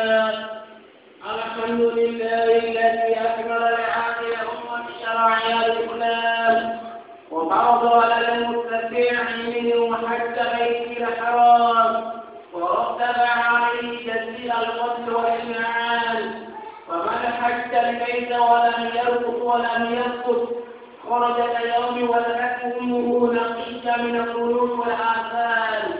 الحمد لله الذي أكمل لعاقل أمة شرعية الإسلام وفرض على المتبع منهم حتى بيت الحرام ورتب عليه تسجيل القتل والإمعان فمن حج البيت ولم يرقص ولم يسقط خرج كيوم ولدت أمه نقية من الظنوب والآثام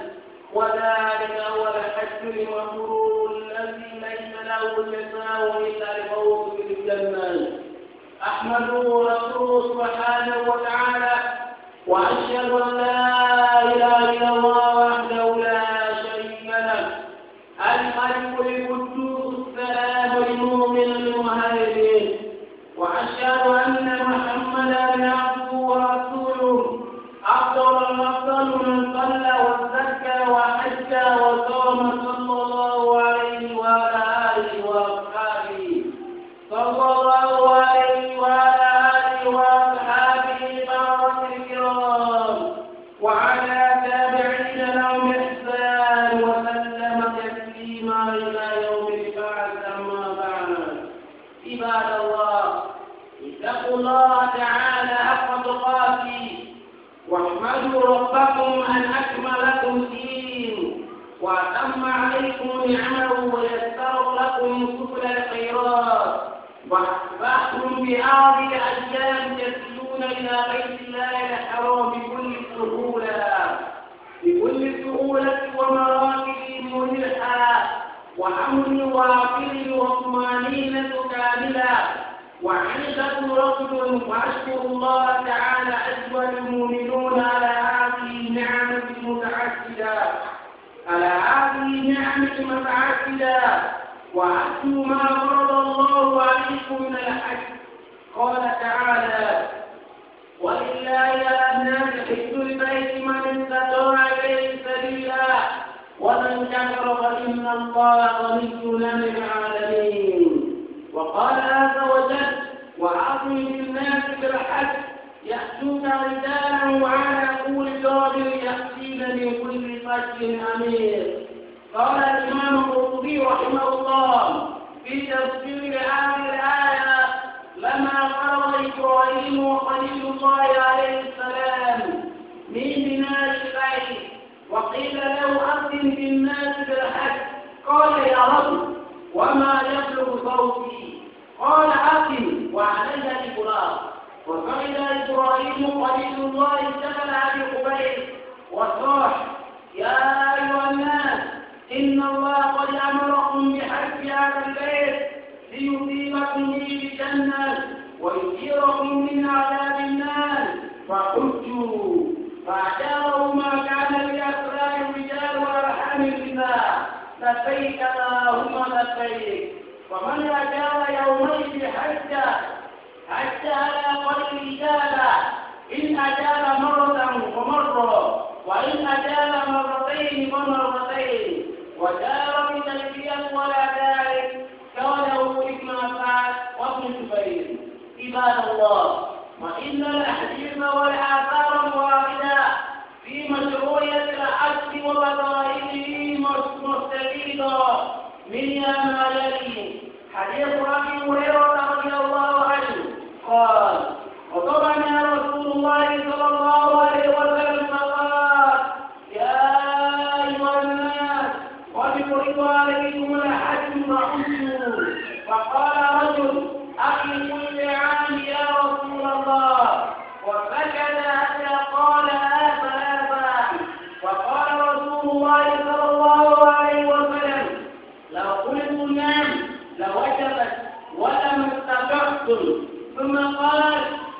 وذلك هو الحج المفروض الذي ليس له جزاء إلا الفوز بالجنة أحمده رسوله سبحانه وتعالى وأشهد أن لا إله إلا الله ربكم أن أكمل لكم دين وأتم عليكم نعمه ويسر لكم سبل الخيرات وأصبحتم بأرض الأيام تسلون إلى بيت الله الحرام بكل سهولة بكل سهولة ومراكب مريحة وأمر وافر وطمأنينة كاملة وعندكم رجل وأشكر الله تعالى وقيل له أذن في الناس بالحج قال يا رب وما يبلغ صوتي قال أذن وعلي إبراهيم وفعل إبراهيم قليل الله جبل أبي قبيل وصاح يا أيها الناس إن الله قد أمركم بحج هذا البيت ليصيبكم به بجنة ويثيركم من عذاب النار فحجوا فاعتبروا ما كان في أسرار الرجال وأرحام النساء لبيك اللهم لبيك ومن أجاب يومئذ حتى حتى على قدر إجابة إن أجاب مرة ومرة وإن أجاب مرتين ومرتين وجار بتلبية ولا ذلك قوله ابن عباس وابن جبير عباد الله وإن الأحاديث والآثار الواردة في مشروعية العبد وبدائله مستفيدة منها ما يلي حديث أبي هريرة رضي الله عنه قال وطبعنا رسول الله صلى الله عليه وسلم قال يا أيها الناس قد فرض عليكم الحج فحجوا فقال رجل أخي كل عام وسكت حتى قال آبا آبا وقال رسول الله صلى الله عليه وسلم لو قلت نعم لوجبت ولم استطعتم ثم قال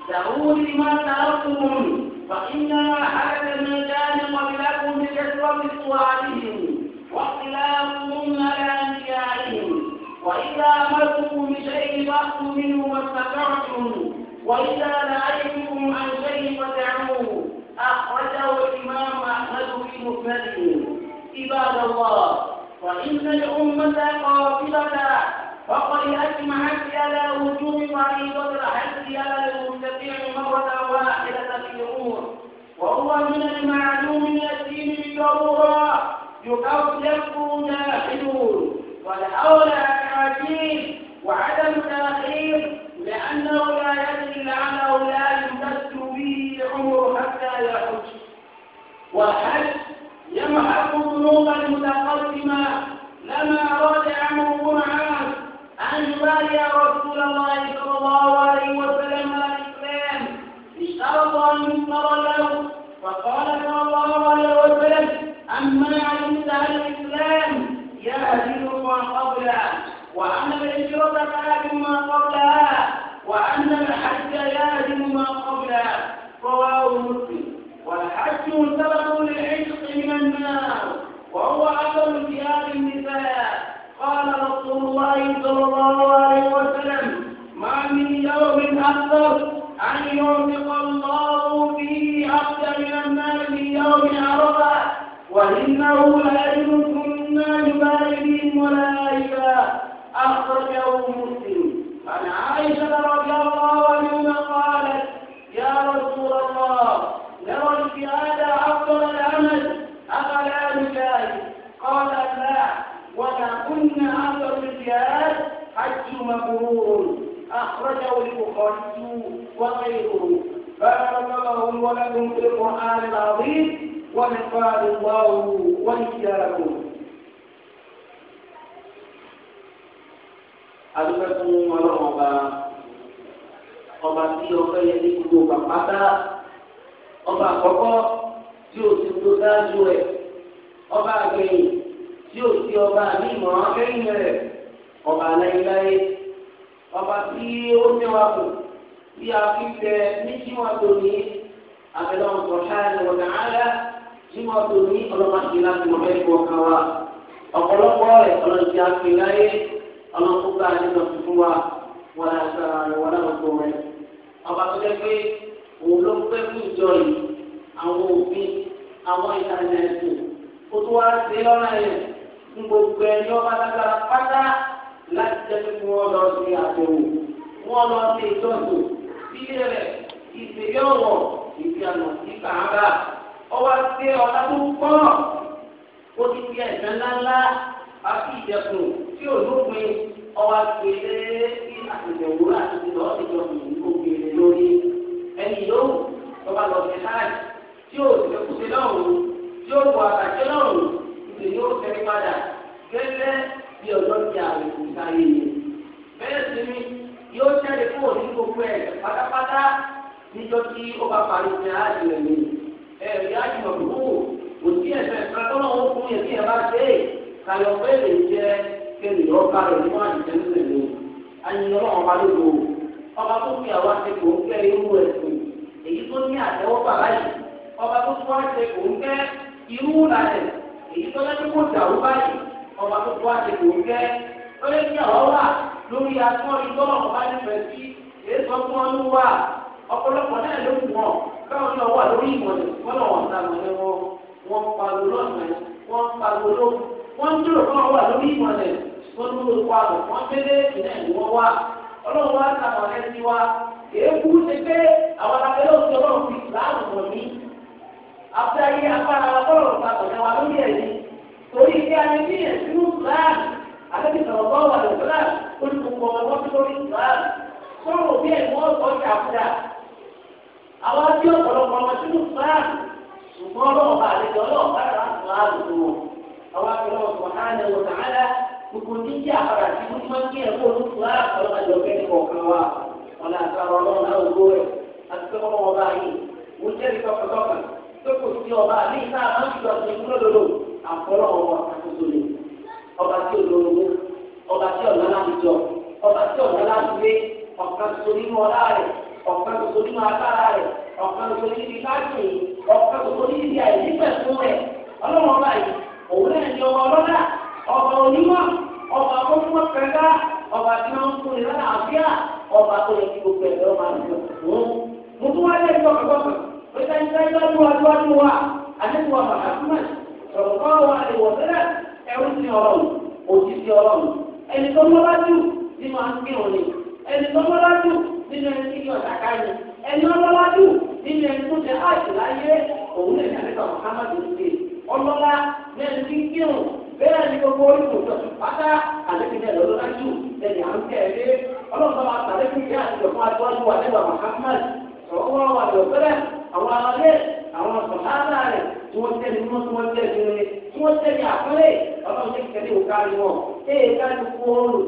دعوا لما تركتم فإن حدث ما كان قبلكم بكثرة سؤالهم واختلافهم على أنبيائهم وإذا أمرتكم بشيء فأتوا منه ما استطعتم وإذا نهيتكم عن شيء فدعوه أخرجه الإمام أحمد في مسنده عباد الله وإن الأمة قاطبة فقد أجمعت على وجوب فريضة الحج على المتبع مرة واحدة في الأمور وهو من المعلوم من الدين بالضرورة يكفر جاحدون والأولى كعجيب وعدم تأخير لأنه لا يدري لعله لا يمتد به عمره حتى يحج والحج يمحق الذنوب المتقدمة لما أراد عمرو بن عاص أن يبايع رسول الله صلى الله عليه وسلم على الإسلام اشترط أن يصبر له فقال صلى الله عليه وسلم أما علمت أن وأن الهجرة لازم ما قبلها وأن الحج لازم ما قبلها رواه مسلم والحج سبب للعشق من النار وهو أثر انتهاء النساء قال رسول الله صلى الله عليه وسلم ما من يوم أكثر أن ينفق الله فيه عبدا من النار في يوم عرفة وإنه لا يمكن يبالي ولا إله أخرجه مسلم عن عائشة رضي الله عنها قالت يا رسول الله لو الجهاد أفضل العمل أفلا نجاهد قال لا ولا كنا أفضل الجهاد حج مبرور أخرجه البخاري وغيره فأخرجهم ولكم في القرآن العظيم ونفعل الله وإياكم adúgbò fún ọlọ́run ọba ọba tí ọpẹ́ yẹ ní gbogbo pàpátá ọba àkọ́kọ́ tí o ti tó dájú ẹ̀ ọba àgbẹ̀yìn tí o ti ọba ní ìmọ̀ràn akẹ́yìn rẹ̀ ọba aláìláyé ọba tí ó mẹ́wà kù tí a fi tẹ ní jíwọ́n tó ní abẹ́lẹ́wọ̀n kọ̀ọ̀ṣá ẹ̀ wọ̀dà áyá jíwọ́n tó ní ọlọ́mọdé láti mọ̀ ẹ́ kọ̀ọ̀kan wa ọ̀pọ̀lọpọ̀ rẹ̀ ọlọ́dún ti a fi láyé ọlọ́run tó gbà nínú tuntun wa wọn là sára rẹ wọn náà tó rẹ ọba tó jẹ pé òun ló fẹ́ fún ìjọ yìí àwọn òfin àwọn ìlànà ẹ̀sìn ó wá sí lọ́nà yẹn fún gbogbo ẹni ọba lágbára pátá láti jẹ́ pé wọ́n lọ sí àbẹ̀wò wọ́n lọ sí ìtọ́jú sílẹ̀ rẹ̀ ìṣèlú ọ̀rọ̀ ìjànà ìgbà ara ọba sí ọ̀la tó pọ̀ ó ti di ẹ̀sán ńláńlá àti ìjẹkùn tí ò lópin ọwọ́ àgbélé kí àtẹ̀jẹ̀wò láti ti lọ́ọ́ ìjọ ìlú òkèèrè lórí ẹni yóò tọ́ba lọ sí hajj tí ò tẹ̀kùsí lọ́rùn tí ó wọ àtàjẹ́ lọ́rùn ìdè yóò tẹ̀lé padà gẹ́gẹ́ bí ọjọ́ ti àwọn ìsáyé ni bẹ́ẹ̀ sì ni yóò jáde kúrò ní gbogbo ẹ̀ pátápátá níjọ́ tí ó bá parí ní hajj rẹ̀ ni ẹ̀rí hajj mọ̀ kàlọ́ bẹ́ẹ̀ jẹ́ kéde ọba rẹ̀ nínú àjẹ́ nílẹ̀ ló ayinlọ́ ọba ló lò ó ọba tó fi àwọn akẹ́kọ̀ọ́ ń kẹ́ irú ẹ̀sìn èyí tó ní àtẹ́wọ́gbà báyìí ọba tó tó àtẹ́kọ̀ọ́ ń kẹ́ irú làlẹ̀ èyí tó lẹ́nu kó dàrú báyìí ọba tó tó àtẹ́kọ̀ọ́ ń kẹ́ ó lé ní àwọn wà lórí atọ́ ìgbọ́ràn ọba nífẹ̀ẹ́ sí èyí tó tó wọn wà ọ̀pọ̀lọpọ̀ náà ló wù wọn káwọn náà wà lórí ìmọ̀lẹ̀ wọn náà wọ̀ wọ́n ń dúró fún ọwọ́ lórí ìmọ̀lẹ̀ wọ́n dúró pa àbọ̀ wọ́n délé ìlẹ̀ ìwọ́n wá ọlọ́run wá ta àwọn ẹni wá èébú ṣe pé àwọn abẹ́lẹ́ òsì ọlọ́run fi láàbù wọ̀ mí àfẹ́rí afárá ọlọ́run ta ọ̀dẹ́ wa lórí ẹ̀yìn torí pé ayé ní ẹ̀sìn islam àtẹ́bí sọ̀rọ̀ bọ́ wà lọ́sọ̀rọ̀ olùkọ́ wọn tó lórí islam sọ̀rọ̀ bí ẹ̀ wọ́n kọ́ ṣàkúdà àwọn tí ọ̀pọ̀lọpọ̀ wọn sínú islam ṣùgbọ́n ọlọ́run bá àlejò ọlọ́run bá àwọn akẹ́kọ̀ọ́ sọ̀hánà wọ̀tàhánà gbogbo níjà àpàrà tí wọ́n máa ń gbé ẹ̀kọ́ olùkọ́ àkọ́lọ́ àjọkẹ́ nìkọ̀ọ̀kan wa wọn àtàwọn ọlọ́run àwògbó rẹ̀ àti sọ́kọ́ ọba yìí wọ́n jẹ́rìí kọ́kọ́kọ́kọ́ tó kò sí ọba àbí ìta àwọn ìjọ ti ń lọ́dọ̀dọ̀ àkọ́lọ́ ọba àkóso ni ọba tí olóró ọba tí ọ̀nà láti jọ ọba tí ọ̀nà láti gbé ọ̀kan tuntun nínú ọlá rẹ̀ ọ̀kan tuntun ibi àìsí pẹ̀lú rẹ̀ ọlọ́run ọba yìí òun náà ni ọba ọlọ́dà ọba onímọ̀ ọba akọ́kọ́ kẹta ọba tí wọ́n ń fún ni lọ́nà àbíyá ọba tó yẹ kí gbogbo ẹ̀rọ máa ń lò fún. mo tún wá lé ẹjọ́ kọ̀ọ̀kan pé táyé táyé lọ́dún wa lọ́dún wa àdéhùn wa bàbá súnmọ̀ sọ̀rọ̀ kọ́ wa lè wọ̀ sẹ́lẹ̀ ẹrú sí ọlọ́run òjì sí ọlọ́run ẹni tó lọ́lá jù nínú àǹkí òní ẹni tó lọ́lá jù nínú ẹni tí yọ̀ọ̀dà ká ní ẹni tó nínú ẹni tó jẹ́ àjùláyé òun lè ní àdéhùn ọlọ́lá lẹ́nu tí kírun bẹ́ẹ̀ ni gbogbo orísun ìjọsìn pátá àlékún ẹ̀ lọ́lọ́lá jù ẹ̀yà ń tẹ̀lé ọlọ́run bá àtàlékún yá àjọ̀fún adúlájú wa nígbà Muhammad sọ̀rọ̀ wà lọ́sẹ̀rẹ̀ àwọn alẹ́ àwọn sọ̀hánà rẹ̀ tí wọ́n tẹ̀lé mọ́ tí wọ́n tẹ̀lé rẹ̀ tí wọ́n tẹ̀lé àpẹẹrẹ ọlọ́run ti tẹ̀lé òkárí wọn ee káàdì kú oorun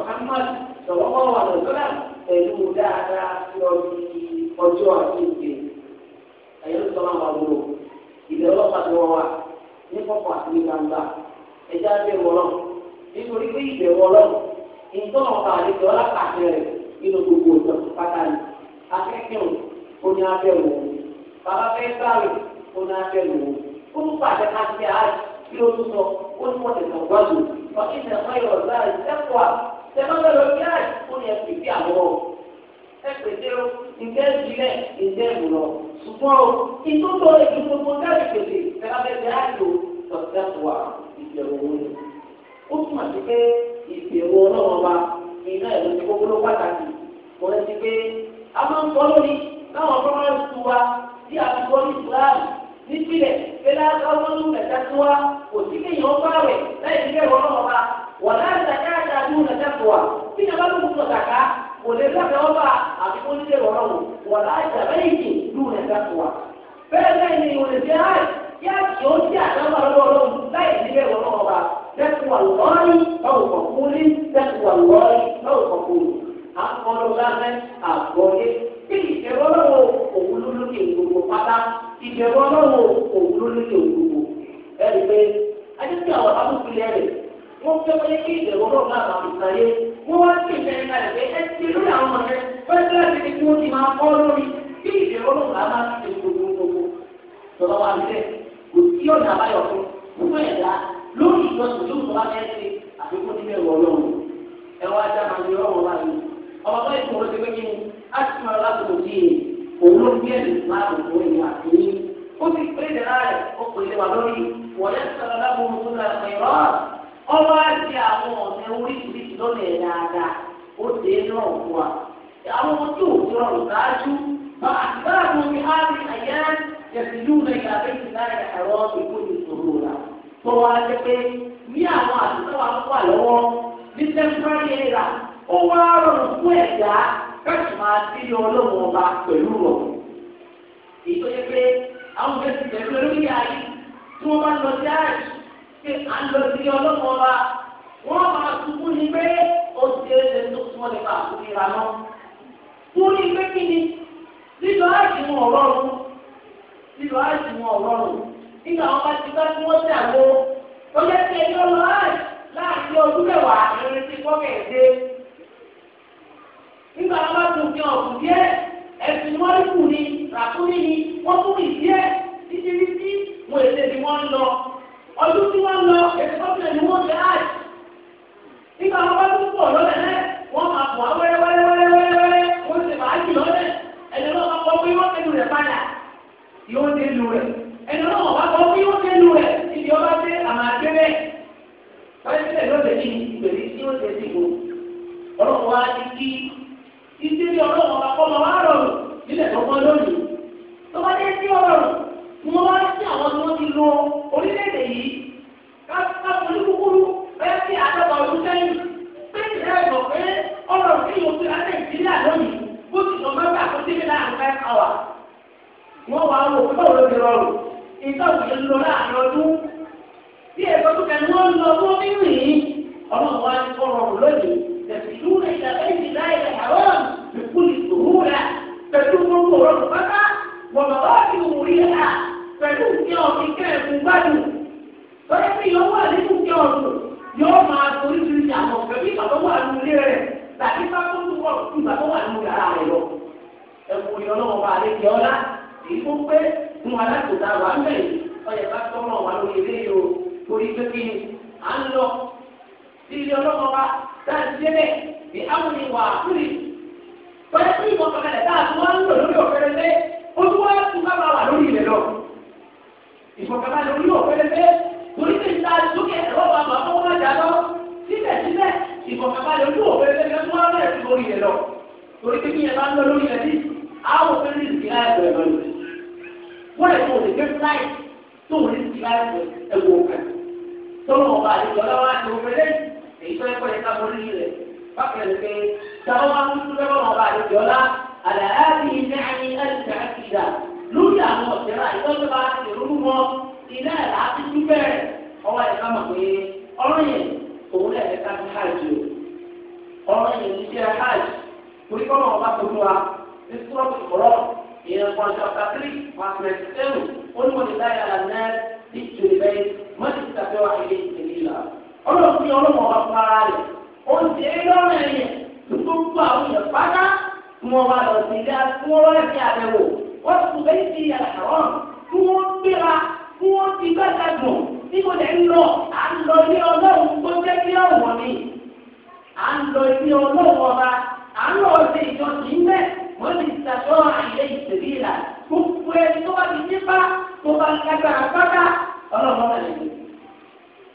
Muhammad sọ̀rọ̀ wà lọ́sẹ̀rẹ̀ pẹ̀lú dáadáa sí ọjọ́ àti ìgbè ẹ̀yọ́ sọ̀rọ̀ ìdè ọlọ́pàá ni wọ́n wà ní pọ̀pọ̀ àti ní gbangba ẹja ń bẹ̀rù ọlọ́run nítorí pé ìbẹ̀rù ọlọ́run ìtọ́nà ọ̀pá àlejò ọlọ́pàá rẹ̀ nínú gbogbo ìtàn pátá ni akẹ́kẹ̀ọ́ oní abẹ́rù òun bàbá fẹ́ sáré oní abẹ́rù òun ó ń pàṣẹ káṣí àárẹ̀ kí ló tún sọ ó ní wọ́n tẹ̀sán gbọ́dọ̀ ọ̀kí ìtẹ̀sán ìrọ̀ sáré sẹ́kọ̀ọ́ sẹ́kọ̀ọ́ lórí àárẹ̀ ó ní ṣùgbọ́n o ìtúntò ètò gbogbo dárí pèsè tẹ́lábẹ́tẹ́ àjò ọ̀sẹ̀tùwà ìbẹ̀rù wọn ni. ó túmọ̀ sí pé ìbẹ̀rù ọlọ́run ọba iná ẹ̀rọ ti gbogbo ló pàtàkì mo rẹ ti pé a máa ń sọ lórí láwọn fọlọ́rọ́ tuntun wa tí a ti wọ́n ní ìsìláàmù nípìnlẹ̀ pẹ̀lú akáwọ́nú mẹ́ta tí wá kò sí kéèyàn bá rẹ̀ láì kò lè lọ́kẹ́ wọ́n bá àfikún nílé ọ̀rọ̀ wò wọ́n láì tẹ̀lé ìdì lù ní ẹ̀dá tó wa. bẹ́ẹ̀ bẹ́ẹ̀ ni ìwọ̀n lè fi hàn yá kí ó ti àdámọ́ lọ́wọ́ ọlọ́run láì nílé ọ̀rọ̀ ọba tẹ́kùwà lọ́ọ́rí báwo kọ̀ fún ní tẹ́kùwà lọ́ọ́rí báwo kọ̀ fún ní. àkọlù lábẹ́ àgbọ̀yé tí ìṣẹ̀rọ lọ́wọ́ òun ló lókè gbogbo pátá ìṣẹ̀rọ òun ló lókè gbogbo ẹ̀rí wọ́n fẹ́ wọlé kí ìbẹ̀wò náà bá àwọn àbùsáyé wọ́n wá sí ìfẹ́ nípa ẹ̀fẹ́ ẹ ti lórí àwọn ọmọ rẹ pẹ́ẹ́sì láti fi kí wọ́n ti máa kọ́ lórí kí ìbẹ̀wò náà bá máa ti gbogbo gbogbo lọ́wọ́ wa bẹ́ẹ̀ kò sí ọ̀nà àbáyọ fún fún ẹ̀dá lórí ìjọsìn tó ń bá fẹ́ ṣe àfikún níbẹ̀ wọ̀ lọ́wọ́ ẹ wá já máa ní ọ̀rọ̀ wa yìí ọmọ bá ìṣòro ti pé kí ni a ti máa láti ń bí ẹ̀mí ọwọ́ àti àwọn ọ̀nà oríṣiríṣi lọ́nà ẹ̀ dáadáa ó dé náà fún wa. àwọn ohun tí òkú rọrùn dájú bá àgbára ní áàrí ti láyà ẹ̀rọ ìkó ní ìṣòro rà. tó wá pé ní àwọn àtúntò wa lọ́wọ́ ní tẹ́ḿpárì ẹ̀rà ó wá rọrùn fún ẹ̀dá máa ọba pẹ̀lú pé à ń lọ sí ọlọ́mọ wa wọ́n máa tukú ni pé ó ti ẹsẹ̀ tó fún ọ nípa àkúnyẹ̀rà náà. fún ni pé kí ni lílọ àìsí wọn ọ̀rọ̀rùn lílọ àìsí wọn ọ̀rọ̀rùn nígbà wọn bá ti bá tí wọ́n ti àgbo ó yẹ kí ẹjọ́ lọ láàrin ọdún mẹ́wàá ìrìn tí gbọ́kẹ̀ dé. nígbà wọn bá tún fi ọ̀gùn díẹ̀ ẹ̀sìn wọn kù ni ràkúnmí ni wọ́n kú ìdíẹ̀ títí títí wọn èdè ni wọ́n ń lọ ọdún tí wọ́n lọ èdè kọ́pìlẹ̀ ni wọ́n ṣe áì nígbà wọn bá tún pọ̀ lọ́lẹ̀ náà wọ́n máa pọ̀ á wẹ́rẹ́ wẹ́rẹ́ wẹ́rẹ́ wẹ́rẹ́ wọ́n ṣe máa jù lọ́lẹ̀ ẹni náà wọ́n kọ́ pé wọ́n tẹnu rẹ̀ padà yóò dé lu rẹ̀ ẹni náà wọ́n bá kọ́ pé wọ́n tẹnu rẹ̀ ibi ọba dé àmà àgbẹ̀rẹ̀ wọ́n ti tẹ̀lé ọ̀dẹ̀ ní ìgbèrè tí ó ṣe dìbò ọlọ́run wa ti kí títí ní ọlọ́run ọba kọ́ máa wá rọrùn nílẹ̀ tó pọ́n lónìí sí orílẹ̀-èdè yìí káfíńtà olúkúkúrú bẹ́ẹ̀ sí àádọ́ta ọdún sẹ́yìn bẹ́ẹ̀ sì rẹ̀ mọ̀ pé ọ̀rọ̀ sí oṣù láti ìdílé àlọ́yìn bó ti sọ mẹ́fà tó dé láàrin five hours. wọ́n wá wò pé báwo ló ti rọrùn ìtọ́ òṣèlú lọ láàrin ọdún bí ẹ̀kọ́ tó kẹ́ni wọ́n lọ tó nínú yìí ọmọ wa ti kọ́ rọrùn lónìí tẹ̀síṣú ìṣàlẹ̀ ìdílé àìsàn àwọn pẹ̀lú ìṣe ọ̀sìn kẹ́ẹ̀kú gbádùn lọ́yẹ́ pé yóò wà nínú ìṣe ọ̀sìn yóò máa torí ti ṣe àwọn pẹ̀lú ìgbà tó wà nínú ilé rẹ̀ tàbí bá tó ń wọ̀ ìgbà tó wà nínú yàrá rẹ̀ lọ. ẹ̀kú ni ọlọ́run wa lè jẹ́ ọlá èyí tó pé fún wa láti ta wà ń bẹ̀rẹ̀ ọyẹ̀ bá tọ́mọ̀ wà lórí ilé yìí o torí pé kí à ń lọ sí ilé ọlọ́run wa láti ní àwọn ìwà àkúrì tọ́jú pé ìwọ̀n kọ̀ọ̀kan ìfọ̀kànbalẹ̀ orí òfẹ́lẹ́fẹ́ torí pé ìta sókè ẹ̀rọ bá bá fọwọ́ má jà lọ síbẹ̀síbẹ̀ ìfọ̀kànbalẹ̀ orí òfẹ́lẹ́fẹ́ tó wá bẹ̀rẹ̀ sí orí rẹ̀ lọ torí pé kíyẹn bá ń lọ lórí rẹ̀ sí àwọn òfẹ́lẹ́ ìsìnkà ẹ̀rọ ẹ̀rọ wọ́n lè tó òní gbé fúláì tó òní ìsìnkà ẹ̀wọ̀ ọ̀kan tó lọ́wọ́ bá àlejò ọlọ́wọ́ àti òfẹ́lẹ́ lórí àwọn ọ̀tẹ̀rà ìtọ́jú bá ti lè rúrú wọn iná ẹ̀ láti tún bẹ̀rẹ̀ ọwọ́ ẹ̀ ká mọ̀ pé ọ̀rọ̀ yẹn òun ẹ̀ ká ti hajj o ọ̀rọ̀ yẹn ti ṣe hajj torí kọ́ náà bá tóbi wa ní sọ́ọ̀tù ìkọ̀rọ̀ ìyẹn kan ṣe ọ̀tà tírì wọn ti rẹ̀ sẹ́nu ó ní wọlé láyà lánà ní ìjòyè bẹ́ẹ̀ mọ́tì ti tàbí wa وصف بيتي الحرام فوق بغا فوق بغا níbo lè ń lọ à ń lọ ilé ọlọ́run tó jẹ́ kí ọ̀wọ́n ni à ń lọ ilé ọlọ́run ọba à ń lọ ṣe ìjọsìn ń bẹ̀ wọ́n ti ṣàtọ́ àìlẹ́ ìṣèlú ìlà gbogbo ẹni tó bá ti dé bá tó bá ń lágbára pátá ọlọ́run ọba lè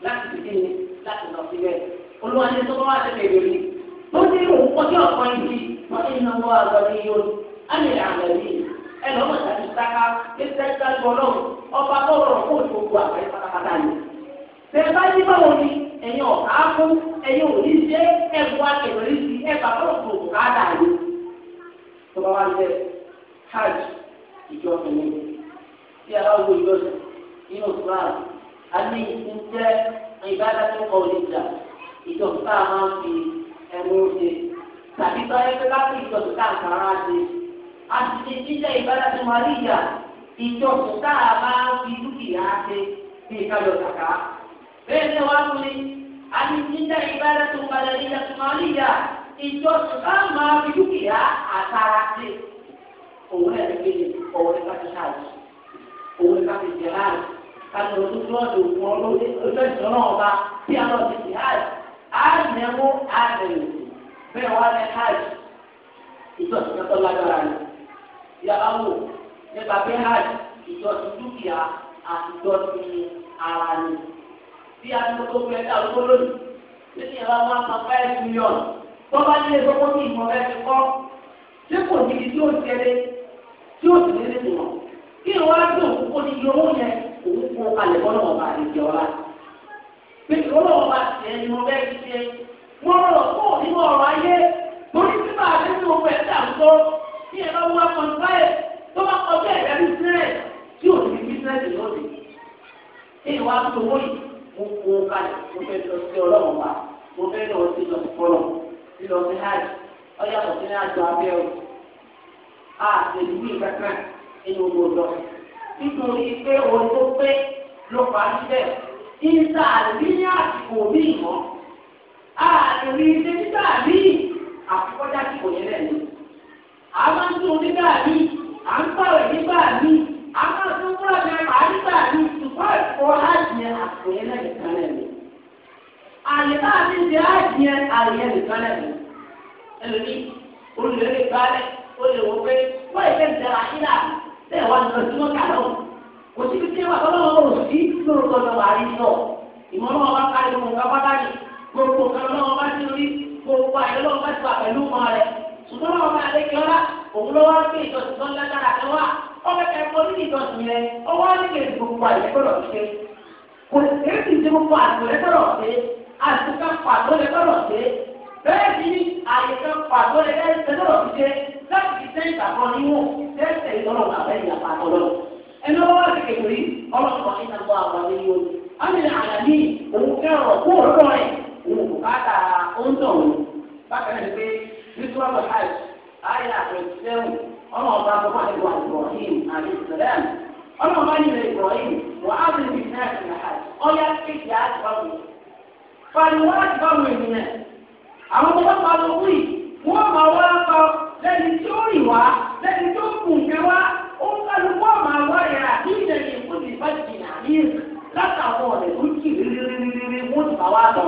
láti fi kíni láti lọ síbẹ̀ olúwa ní tó bá wà lẹ́bẹ̀ẹ́ tó ti rò ó kọjá ọ̀kan yìí wọ́n ti náwó àgbọ̀dé yóò ẹlọ́mọ̀ tàbí sáká ní sẹ́ńtà gbọ́lọ́run ọba bọ́ọ̀rọ̀ fún òṣogbo àgbáyé pátápátá ni. bẹ́ẹ̀ bá yí báwo ni ẹ̀yin ọ̀ká fún ẹ̀yin òní ṣe ẹ̀bùn akẹ̀lórí sí ẹ̀bà bọ́ọ̀rọ̀ kò ká dà ní. tó bá wá lẹ hajj ìjọ ìwé tí a bá wo ìjọsìn nínú islam a ní ìjẹ́ ìbádàtúkọ̀ oníjà ìjọ tá a máa ń fi ẹ̀rù ṣe tàbí báyẹn pé bá fi ìjọ àti jíjẹ́ ìbáradì màríyà ìjọsìn tá a bá fi dúkìá ṣe bí ìkàlọ̀ kàkà. bẹ́ẹ̀ ni wàá tún ní àti jíjẹ́ ìbáradì màríyà ìjọsìn tá a máa fi dúkìá àtàrà ṣe. òun ẹ̀ lè gbé ọwọ́ ẹ̀ bá ti ṣáàjì òun ẹ̀ bá ti jẹ̀ láàrín kàtó tó tó ọdún fún ọ lórí ọjọ́ náà ọba tí a lọ sí ti hajj ànẹ́mú ànẹ́mú bẹ́ẹ̀ wá ní hajj ìjọsìn tó lágbára ni ìyára wò nípa pé hajj ìjọsìn dúkìá àti ìjọsìn ara ni. bí a ti tó fẹ́ dá lóko lónìí lẹ́yìn ìyára wọn san five million tó bá nílé sọ́kọ́ sí ìmọ̀ rẹ̀ ti kọ́ tí kò ní ibi tí ó tẹ́lẹ̀ tí ó sì ní lè tìmọ̀ kí ni wọ́n á tó kó ní iye owó yẹn òun kó alẹ́ bọ́ náà bá lè jẹ ọ́lá. pé ìrọ́lọ́wọ́ bá tiẹ̀ ni wọ́n bẹ́ẹ̀ ti ṣe wọ́n rọ̀ fún òní tí ẹ bá wú akọ̀ǹtà ẹ̀ tó bá kọjá ẹ̀dá bísíǹnẹ̀ tí ò ní bísíǹnẹ̀sì lọ́dẹ. ṣé ìwà tó owó yìí mo kó o kalẹ̀ mo fẹ́ lọ sí ọlọ́run wa mo fẹ́ lọ sí lọ fọlọ́ sí lọ sí hajj ọyá kò sí ní àjọ abẹ́ o. a lèlú yìí kankan ẹni o lò lọ. nítorí pé ohun tó pé ló fà á síbẹ̀ ìta àlùmíní àsìkò mi mọ́ àlùmí ṣe títà mí àfikọ́jà àsìkò yẹn lẹ́nu a máa ń tún nígbà mí à ń pààrọ̀ nígbà mí a máa tún kúrò ní àpá nígbà mí ṣùgbọ́n ẹ̀kọ́ àjẹ́ àpòyẹ́ náà nìkan náà ni. àyè bá mi ṣe àjẹ́ àyè nìkan náà ni. ẹlòmí olùlé lè gbálẹ̀ ó lè wọ pé wọ́n ìfẹ́ ìdára ìlà bẹ́ẹ̀ wá nìkan tí wọ́n kà lọ́wọ́ kò sí kékeré wà tọ́lọ́ wọn ò sí lórúkọ lọ́wọ́ àríṣọ ìmọ̀ràn wọn bá kárí wọn ká pátá ní gbogbo kan lọ́wọ́ bá ti rí gbogbo àyẹ̀lọ́wọ́ bá ti wà pẹ̀lú wọn rẹ̀ ṣùgbọ́n ọba àdékọ́lá òun ló wá gbé ìjọsìn tó ń lágbára kan wá ọba ẹ̀kọ́ nínú ìjọsìn yẹn ó wá nílé gbogbo àyè gbọ́dọ̀ ṣe kò sí èsì tí gbogbo àgbò rẹ gbọ́dọ̀ ṣe àtúntà pàtó rẹ gbọ́dọ̀ ṣe bẹ́ẹ̀ ni àyíká pàtó rẹ gbọ́dọ̀ ṣe láti fi tẹ́ ìtàkọ́ níwò tẹ́sẹ̀ ìtọ́nà àbẹ́ ìyàpá ọlọ́run ẹni wọ́n wá sí kékeré ọlọ́run ní ìtàkọ́ àwọn ọmọ yìí ó ní ni pé ritual of hajj ayé àtẹ̀sẹ́wò ọmọ ọba tó wáyé wà Ibrahim alayhisalaam ọmọ ọba yìí lè Ibrahim wà á bẹ̀rẹ̀ bíi náà ti hajj ọyá kéjì á ti báwò fàlùwà á ti báwò ènìyàn àwọn tó bá pàlọ́ wí wọ́n máa wá lọ lẹ́ni tí ó rìn wá lẹ́ni tó kùn kẹ́ wá ó ń kálù wọ́n máa wá yẹra bí ìdẹ̀yìn fún ìbájì nàní látàwọn ọ̀rẹ́ tó jì rírírírírí wọ́n ti bá wá lọ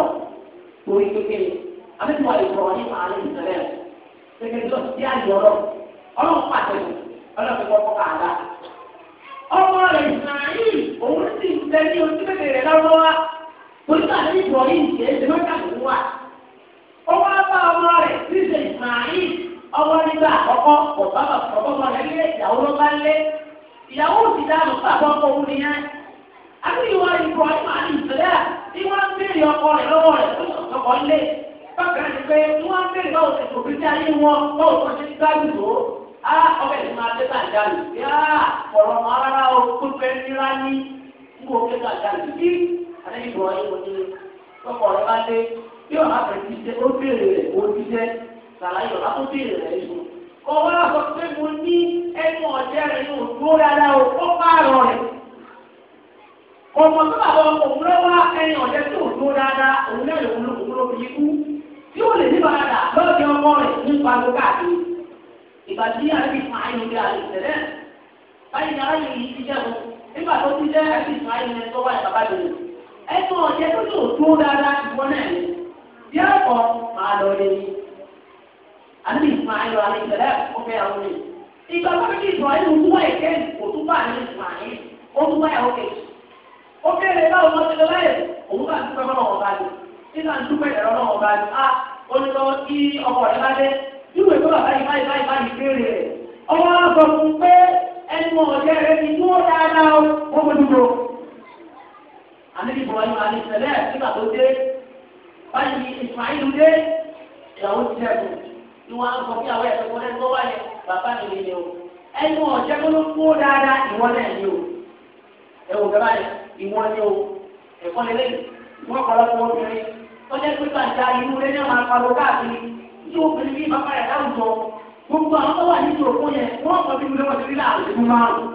torí kékeré àbẹ̀tí wàlẹ̀ ìfọ̀rọ̀ nípa alẹ́ ìṣẹ̀lẹ̀ ṣẹ̀kẹ̀ tó ti àyè ọ̀rọ̀ ọlọ́run pàṣẹ ọlọ́run fi kọ́kọ́ kàdá. ọmọ rẹ̀ ìsìnàyí òun sì ń bẹ ní ojú bèbè rẹ̀ lọ́wọ́ wa torí àlẹ́ ìfọ̀rọ̀ yìí ṣe é ṣe mọ́tà fún wa. ọwọ́ bá ọmọ rẹ̀ sí ṣe ìsìnàyí ọwọ́ nígbà àkọ́kọ́ ọ̀bá ọmọ rẹ̀ lé ìyàwó ló bá lé ìyàwó ti dáàbò pàbọ̀ ọkọ òun nìyẹn. àbí ìwà ìfọ̀rọ̀ ìmọ̀ àlè ìṣẹ̀lẹ̀ bákan ní pé wọ́n á bẹ̀rẹ̀ báwo ṣètò bí tí ayé wọn báwo kò ṣe gbádùn tó á ọbẹ̀ tí máa tẹ́tà jáde yá ọ̀rọ̀ mọ́ rárá o tó fẹ́ nira ní kó tẹ́tà jáde sí àlejò ìbọ̀wọ́ yìí wọ́n ní lọ́kọ̀ ọ̀rọ̀ bá dé bí ọ̀rọ̀ àbẹ̀tí ṣe ó béèrè rẹ̀ ó ti jẹ́ sàlàyé ọ̀rọ̀ tó béèrè rẹ̀ yìí ọwọ́ àpò pé mo ní ẹnu ọ̀jẹ́ rẹ̀ ní òdúró dáadáa o ó pààrọ̀ rẹ̀ ọmọ tó bàbá ọkọ̀ òun ẹni ọ̀jẹ́ tó òdúró dáadáa òun náà lòun lòun ló fi ikú tí ó lè nípa dà lọ́jọ́ ọmọ rẹ̀ nípa ló káàkiri. ìgbà tí àrẹ́bí Ismail ń bẹ àlè tẹ̀lẹ́ báyìí ni aráyè yìí ti jẹ́ wọn nígbà tó ti jẹ́ àrẹ́bí Ismail ń tọ́wọ́ ẹ̀ bàbá lòlù. ẹ̀sùn ọ̀jẹ́ tó tó tó dáadáa ti wọ́n náà ni bí ẹ̀kọ́ máa lọ lé ní. àrẹ́bí Ismail àlè tẹ̀lẹ́ ó fẹ́ àwọn mi. ìgbà tó ti Ismail ń wọ ẹ̀kẹ́ òtúbà àrẹ́bí Ismail ó tún wáyà ó nínú àdúgbò ẹ̀rọ náà ọba ni a ah, onílọ kí ọkọ rẹ bá dé yíwò ìgbọ́ bàbá yìí báyìí báyìí báyìí béèrè rẹ̀ ọwọ́ àgọ́ fún pé ẹnu ọ̀jẹ́ rẹ ti dúró dáadáa ó wọ́n mo dúró. àníbìbọ̀ ẹnu àníṣẹ̀lẹ̀ nígbà tó dé báyìí ìsmáìlú dé ìyàwó ti dẹ́kun ni wọ́n á sọ fún ìyàwó ẹ̀sẹ̀ kọ́lẹ́ tó wáyé bàbá mi lè lè o ẹnu ọ̀jẹ́ kó ló kó dáadáa ìwọ náà ni o ẹ̀wọ̀n bẹ́ẹ̀ báyìí ìwọ ni o ẹ̀kọ́ lélẹ́yìn wọ́n kọ́ lọ́kọ́ obìnrin ó jẹ́ pé bàtà inú rẹ̀ náà máa pariwo káàkiri tí obìnrin yìí bàbá rẹ̀ láwùjọ gbogbo àwọn tó wà nínú òkú yẹn wọ́n kọ́ bí wọ́n ti rí láàrin fún márùn-ún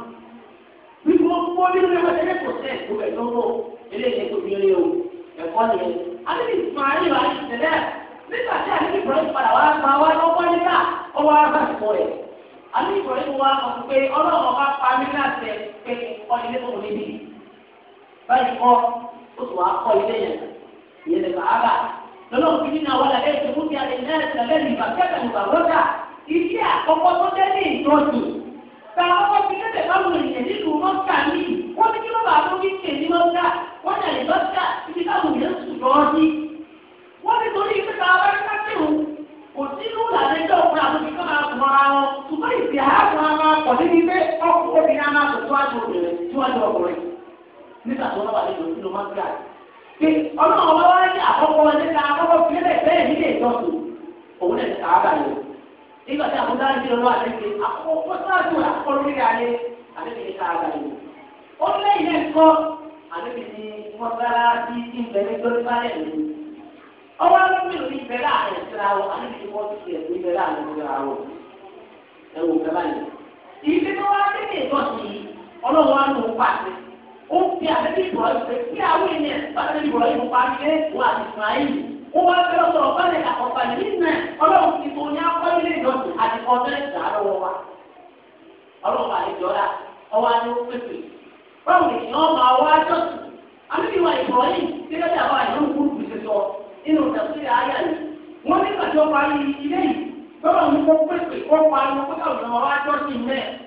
bí wọ́n kọ́ bí wọ́n ti rí kò sẹ́ ẹ̀kọ́ rẹ̀ lọ́wọ́ eléyìí tó bí rẹ̀ o ẹ̀kọ́ ni alẹ́ ìsmaili wa ti tẹ̀lẹ̀ nígbà tí alẹ́ ìbọ̀lẹ́ padà wá gba wá lọ́wọ́ nígbà ó wá bá ti pọ̀ rẹ̀ alẹ́ ìbọ̀lẹ́ wa kọ̀ pé ọlọ́run bá pa mí láti pé ọ̀nìlẹ́kọ̀ọ́ níbi báyìí kọ́ ó sì wá kọ́ ilé yẹn ìyẹn lè fàábà lọ́lọ́run fi nínú àwọn àlẹ́ ìṣòwò ti àlẹ́ náà ṣẹlẹ̀ nípa kẹ́kẹ́ nípa rọ́dà ilé àkọ́kọ́ tó dé ní ìjọsìn ta ọkọ̀ fi lẹ́sẹ̀ báwọn èèyàn nílùú mọ́tà ní wọ́n ti kí wọ́n bá tó kí ṣe ní mọ́tà wọ́n ní àlè mọ́tà ibi táwọn èèyàn sùn lọ sí. wọ́n ti torí ibi tá a bá ká sí òun kò sí inú ìlànà ẹjọ́ ọkùnrin àti òbí kan máa sùn wọn ṣùgbọ́n ìfì àákùn ara wọn níbi pé ọkùnrin náà máa sùn síwájú obìnrin síwájú ọkùnrin nígbà tó wọ́n bá lè lò sínú mọ́tà pé ọlọ́run wá wá ní àkọ́kọ́ wọn níta àkọ́kọ́ fílẹ̀ bẹ́ẹ̀ nílé ìtọ́sùn òun náà ti kà á bà yìí nígbà tí àbúdá ń dín ọlọ́wà léke àkọ́kọ́ sáàtù àkọ́kọ́ lórí ayé àdébí ní kà á bà yìí ó lẹ́yìn ẹ̀kọ́ àdébí ní wọ́n sára sí ìbẹ̀ ní lórí bálẹ̀ mi ọwọ́ lórí mi ìbẹ̀ láàrin ìsira wọn àdébí ní wọ́n ti ẹ̀kú ìbẹ̀ láàrin ìsira wọn ẹ̀wọ̀n bẹ́ẹ̀ báyìí ìdí tó ó fi àbẹ́bí ìbọ̀ ìfẹ́ kí àwọn ènìyàn pàṣẹ ìbọ̀ ìbọ̀ pàṣẹ wà ìsmáyìí wọ́n bá fẹ́ lọ́sọ̀ ọ̀pẹ́lẹ̀ àkọ́pàlẹ̀ nínú ẹ̀ ọlọ́run ti tó ní akọ́lẹ̀ ìjọsìn àti ọ̀dọ́ ẹ̀sìn àlọ́wọ́ wa ọlọ́run àlejòra ọwọ́ ni ó pèsè báwo ni ìyàn máa wá jọ́sìn àbíbí wa ìbọ̀ yìí gẹ́gẹ́ bí àwọn àìlú gbùgbù ṣe sọ nínú ìdàkúrẹ́ ayé rẹ̀ wọ́n ní kàjọ parí ilé yìí báwo ni ó pèsè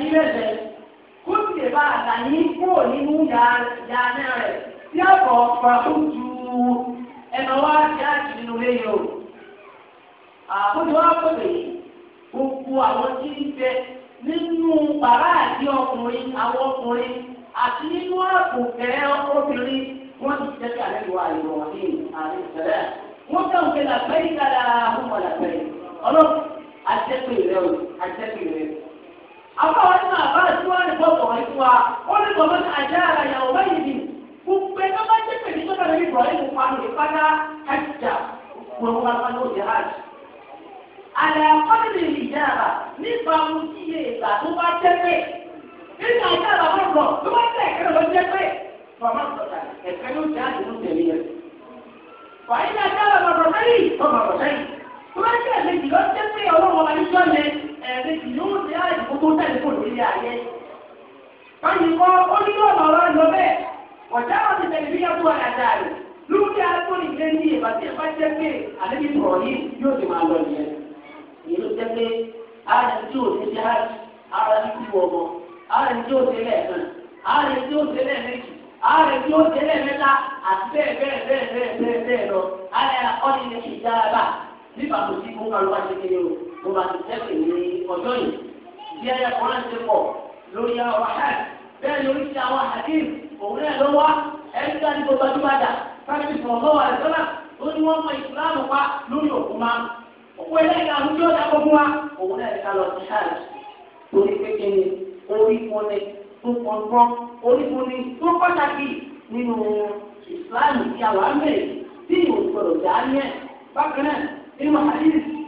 yín lẹ́sẹ̀ kó sì lè bá àgbà yín kúrò nínú yàrá rẹ̀ tí ọ̀pọ̀ ọ̀pọ̀ ojú ẹ̀nà wá sí àjù nínú ilé yìí o. àkójọ wa pè é gbogbo àwọn tí ń bẹ nínú bàbá àti ọkùnrin àwọn ọkùnrin àti nínú àpò kẹrẹ ọkùnrin wọn ti jẹ́ kí àlejò àyẹ̀wò wọn ní àárín ìṣẹ̀lẹ̀ wọn kàn pé làgbẹ́yìn kára àwọn ọmọ làgbẹ́yìn ọlọ́pàá àjẹpè rẹ o àjẹpè rẹ o àbáwá ní máa bá àti wọ́n lè bọ́ sọ̀rọ̀ yìí fún wa ó lè bọ̀ lọ́nà àjẹ́ ara ìyàwó báyìí ni gbogbo ẹgbẹ́ bá jẹ́ pèlú tó bẹ̀rẹ̀ ìbọ̀ ẹ̀mú panu ìpátá àjà gbogbo àwọn ọ̀dẹ̀ àjù. àlẹ́ àkọ́lé lè lè jẹ́ àrà nípa mu sí iye ìgbà tó bá jẹ́ pé nínú àjẹ́ àrà wọn lọ tó bá jẹ́ ẹ̀kẹ́ lọ jẹ́ pé bàbá sọ̀tà ẹ̀kẹ́ ló jẹ́ àjù lóṣèlú yẹn. wàá ẹ̀rí yóò ní àìkú tó tẹ̀lé kò lórí ayé. báyìí kọ́ ó ní yóò lọ lọ lọ bẹ́ẹ̀ ọ̀já wọn ti tẹ̀lé bí yàtọ̀ àdá rẹ̀ lórí àgbo ìgbé ní ìbàdí ẹ̀fá jẹ́ pé àlejò sọ̀rọ̀ yìí yóò ti máa lọ nìyẹn. èyí ló jẹ́ pé ààrẹ tí ò ní ti hajj ara ní kú ọmọ ààrẹ tí ò tẹ́lẹ̀ ẹ̀kan ààrẹ tí ò tẹ́lẹ̀ méjì ààrẹ tí ó tẹ́lẹ̀ mẹ́ta àti bẹ́ẹ̀ bẹ́ẹ̀ bẹ́ẹ̀ bẹ́ẹ̀ bẹ́ẹ̀ lọ ààrẹ ọ̀nìyàn ìjára bá nípa kò sí fún kálukà ṣe kéde o tó bá ti tẹ́sí ní ọjọ́ yìí bí ẹ̀yà kan láti pọ̀ lórí àwọn ahad bẹ́ẹ̀ ni oríṣi àwọn ahadin òun náà ló wá ẹni tó ní gbogbo adúbàdà fẹ́ẹ́ fi ọ̀gọ́ àdìsọ́là ó ní wọ́n mọ ìsìláàmù pa lórí òkú ma òkú ẹlẹ́yìn àwùjọ dàpọ̀ fún wa òun náà ní ká lọ sí hajj torí pé kí ni orí fún ni tó pọnpọ́n orí fún ni tó pàtàkì nínú ìsìláàmù tí a wà ń bèrè tí ìwòsàn ọ̀dà á ní ẹ̀ bákan náà nínú àdìsí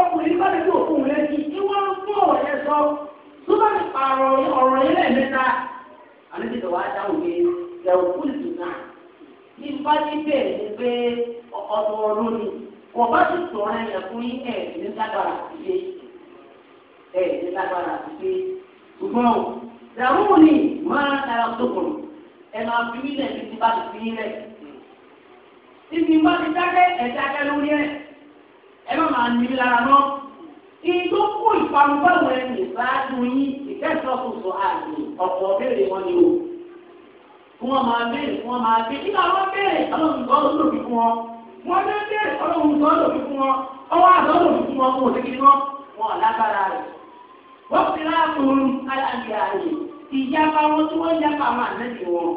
ọkùnrin bá lè fi òkú wọn lẹ́sí tí wọ́n ń fún ọ̀rọ̀ yẹn sọ tó bá lè pààrọ̀ ọ̀rọ̀ yẹn lẹ́ẹ̀mẹ́ta àlejò tó wàá dáhùn pé ìyàwó kúlìtì náà ní bá ní bẹ́ẹ̀ ni pé ọ̀dọ̀ ọ̀rọ̀ ni wọ́n bá ti sọ̀rọ̀ ẹ̀yàn fún yín ẹ̀ ní lágbára àtìgbé ẹ̀ ní lágbára àtìgbé ṣùgbọ́n ìdààmú ni máa dára sókòrò ẹ máa fi wílẹ̀ ní ti bá ti fi yín rẹ̀. ìgbìmọ̀ ti dákẹ́ ẹ̀ dákẹ́ lórí ẹ̀ ẹ má máa ní lára náà ìjọ kó ìparun báwọn ẹni ìbáàdùn yín ìkẹ́sọ̀kùsọ àgbè ọ̀pọ̀ béèrè wọn ni o kí wọ́n máa béèrè kí wọ́n máa gbé kí làwọn béèrè ọlọ́run gbọ́ lòdì fún wọn wọ́n lé béèrè ọlọ́run gbọ́ lòdì fún wọn ọwọ́ àgbọ̀ lòdì fún wọn kò sí kí wọ́n wọn lágbára rẹ̀ wọ́n fi láàtún aláàbíà rẹ̀ ìyapa wọn tí wọ́n yapa àwọn ànábì wọn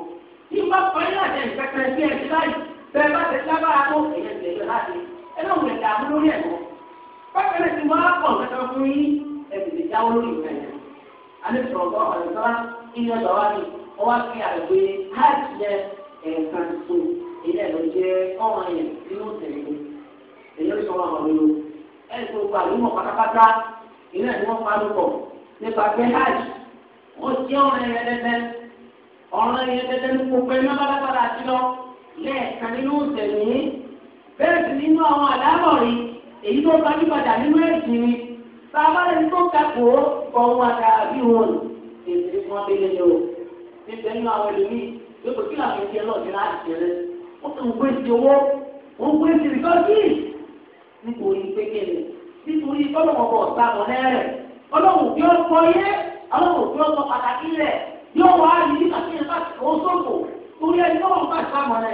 tí wọ́n fọ́ ilé àtẹ̀ ìpẹ́pẹ́ sí ẹ̀sìn láì bẹ́ẹ̀ bá ti lágbára tó ìyẹn tẹ̀lé láti ẹ náà wọlé dààmú lórí ẹ̀kọ́ bákan náà ti mọ àpọ̀ nǹkan fún yín ẹ̀sìn lè jáwó lórí ìgbà yẹn alẹ́ sọ̀rọ̀ bọ́ ọ̀rẹ́ sọ́ra ìyẹn ọ̀dọ̀ wa ni ọwọ́ fi àgbẹ̀ hajj yẹ ẹ̀ẹ̀kan tó ilé ẹ̀ ló jẹ́ ọmọ yẹn nínú tẹ̀lé èyí ló sọ̀rọ̀ ọ̀rọ̀ ló ẹ̀ tó gba àlùmọ̀ pátápátá ilé ẹ̀ ni wọ́n parí pọ̀ nípa pé hajj wọ́n jẹ́ ọ̀rẹ́ yẹn dẹ́dẹ́ ọ̀rẹ́ yẹn dẹ́dẹ́ bẹ́ẹ̀ sì nínú àwọn àlámọ̀rí èyí tó bá yípadà nínú ẹ̀sìn ni bàbá ka tó kẹ́kọ̀ọ́ ọ̀hún àtàbí wọn èsì tí wọ́n délé o níbẹ̀ nínú àwọn ẹlòmíì tó kò kí làwọn ẹ̀jẹ̀ náà ti láti jẹrẹ ó sì ń gbé ti owó ó gbé ti rìkọ́jì nítorí pékèlè nítorí ọlọ́wọ́bọ̀ ọ̀sàmọ̀ lẹ́rẹ̀ ọlọ́wọ́ ó yé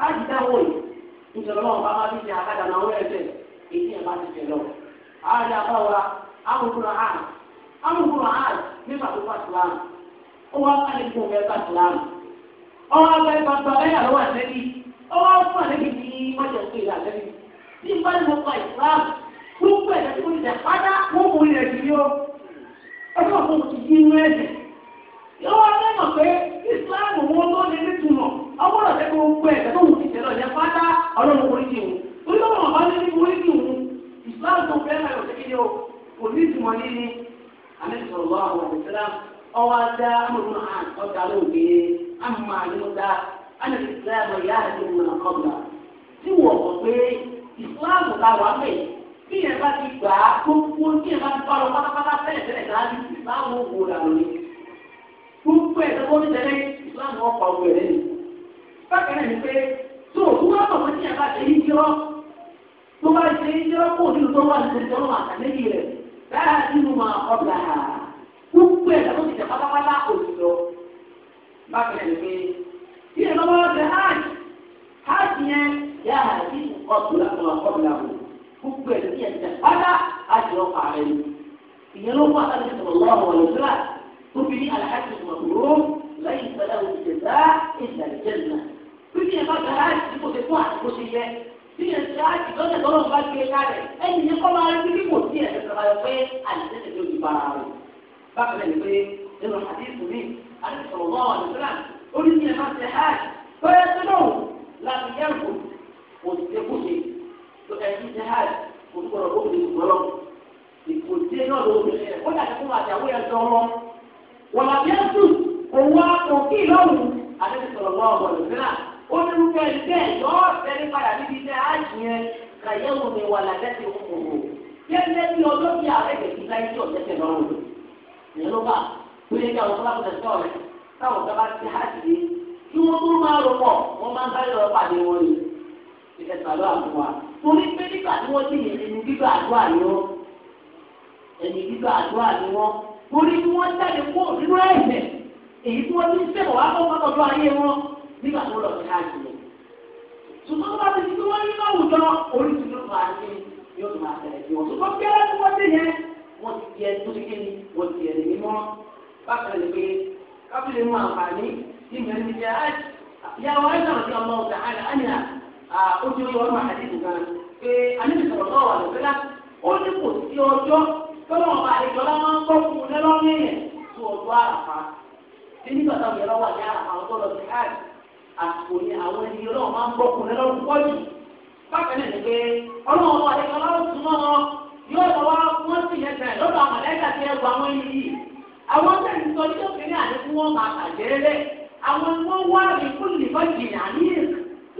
káàdì dáwọ́ yìí nítorí wọn bá wá bí ṣe àkàdà náà wọ́n ẹ̀jẹ̀ èyí ẹ̀ bá ti tẹ̀ lọ. ààrẹ àbáwá amúkúrò hàn amúkúrò hàn nígbà tó bá ti láàmù ó wá kálí fún ọmọ ẹ ti láàmù. ọwọ́ abẹ́ gbàgbà ẹ̀yà ló wà lẹ́bi ọwọ́ fún àlẹ́bi ní mọ́jọ̀ pé ìlà lẹ́bi. bí bá mo pa ìsìlámù gbogbo ẹ̀dá tó ọgbọ́dọ̀ tẹ́ kó gbogbo ẹ̀ tó wù sí tẹ́lọ̀ yẹn fátá ọlọ́run orí ti wù ó ní ọmọ ọba ní orí ti wù ìsìláàmù tó fẹ́ láyọ̀ tẹ́ kéde o kò ní ìtumọ̀ ní ní alẹ́sọ̀rọ̀ wà wọ̀ ìsìlá ọwọ́ adá amúnú àn ọ̀dà lóògbé amúnú àyọ̀dá alẹ́sìláàmù yá àdéhùn ọ̀kọ̀gbà tí wọ́n kọ̀ pé ìsìláàmù ta wà mẹ́ gbogbo ẹ̀ tó kọ́ ní tẹ́lẹ̀ ìsìláàmù ọ̀pọ̀ ọ̀gbẹ̀rẹ̀ ni bákan náà pé tó o tún pọ̀ mọ́ sí ẹ̀ka èyí jọ́ tó bá ṣe é jọ́ kó o nínú wà nínú tó wà àtàlẹ́yìn rẹ̀ láà nínú máa ọ̀gá gbogbo ẹ̀ lọ́wọ́ ti jẹ pátápátá òsì lọ bákan pé bí ẹ̀ lọ́wọ́ ọ̀gá hajj hajj yẹn yà á di ọ̀tún àtọ̀ ọ̀gá wò gbogbo ẹ̀ ti jẹ pátá hajj ọ̀pá ìyẹn ló wà láti sọ̀rọ̀ lọ́wọ́ ọ̀lọ́sílà tó fi ní alhaji mọ̀tòrò lẹ́yìn ìsọ̀lá òṣìṣẹ́ bí yẹn bá gbà láti bí kò ṣe fún àti kò ṣe yẹ bí yẹn ṣe láti lọ́sẹ̀ tọ́lọ́ bá gbé kalẹ̀ ẹni yẹn kọ́ máa rí bí kò sí ẹ̀sẹ̀ tọ́lá yọ pé àlẹ́sẹ̀ tó ti bára rẹ̀ bákan náà ni pé nínú àdéhùn mi àti sọ̀rọ̀ mọ́ àwọn ìsìlám ó ní yẹn máa ṣe hajj bẹ́ẹ̀ tó náà láti yẹn kò kò ti ṣe kò ṣe tó ẹni ṣe hajj kò tó kọ̀ lọ́wọ́ ìgbọ́lọ́ ìkòtí náà ló ń ṣe ó dàbí fún àjàwé ẹjọ́ wọn wọn làbí ẹsùn òun á kò kí ìlọrun àdébìsọ̀rọ̀ wọn ọ̀gbọ̀n ìsìlám onírúurú ẹgbẹ́ yọ̀ọ́ fẹ́rí padà níbi iṣẹ́ ààyè yẹn kàyẹ́wò mi wà lálẹ́sẹ̀ òkòwò yẹ́nlẹ́ bí ọlọ́bí ààrẹ kẹ̀kí láyé tí ọ̀tẹ̀tẹ̀ lọ́rùn ní ló bá péye kí àwọn sábà tẹ̀ sọ̀rọ̀ táwọn sábà ti há sí i kí wọ́n tó máa rọ pọ̀ wọ́n máa ń sáré lọ pàdé wọn ni ìfẹ́ sàlọ́ àbúwá torí pé nígbà tí wọ́n ti yẹ ẹni gbígbà àdúrà ni wọ́n ẹni gbígbà àdúrà ni wọ́n torí wọ́n jáde kó nínú ẹ̀sẹ̀ èyí tí wọ́n ti ń sẹ́wọ̀n wá fọ́ nígbà tó lọ sí àjò yẹn. ṣùgbọ́n bá ti di pé wọ́n ní láwùjọ oríṣiríṣi ló máa ní yóò máa tẹ̀lé sí wọn. ṣùgbọ́n bí ẹlẹ́ni wọ́n dé yẹn wọ́n ti di ẹni tó ti kéde wọ́n ti ẹni mímọ́. bákan ní pé kábílẹ̀ mú àǹfààní ní ìgbẹ́ni ti jẹ́ àjì. ìyàwó ẹ̀sán àti ọmọ ọ̀gá àlẹ́ àyà ojú ọmọ àdìsí kan pé alẹ́bìsọ̀rọ̀ náà wà lọ́sẹ́lá ó ní kò sí ọjọ́ tọ́lọ́ ọba àdìjọ́lá máa ń gbọ́ fún un lẹ́lọ́mẹ́yẹ̀ tó ọjọ́ àràfà. nígbà táwọn yẹn lọ́wọ́ àjẹ́ àràfà ọjọ́ lọ sí káàdì àsìkò ni àwọn ẹni ọlọ́run máa ń gbọ́kùn lẹ́nu ọdún pọ̀ jù bákan náà ni pé ọlọ́run wà lẹ́yìn ọlọ́run súnmọ́ wọn yóò lọ wá wọ́n sì yẹn bẹ̀rẹ̀ lọ́dọ̀ àwọn ẹ̀ka tí ẹ gba wọn yìí àwọn tẹ̀sí sọ ní òkè ní àdínkù wọn máa bàjẹ́ lẹ́ àwọn tí wọ́n wá ní fún nìkan jìnnà ní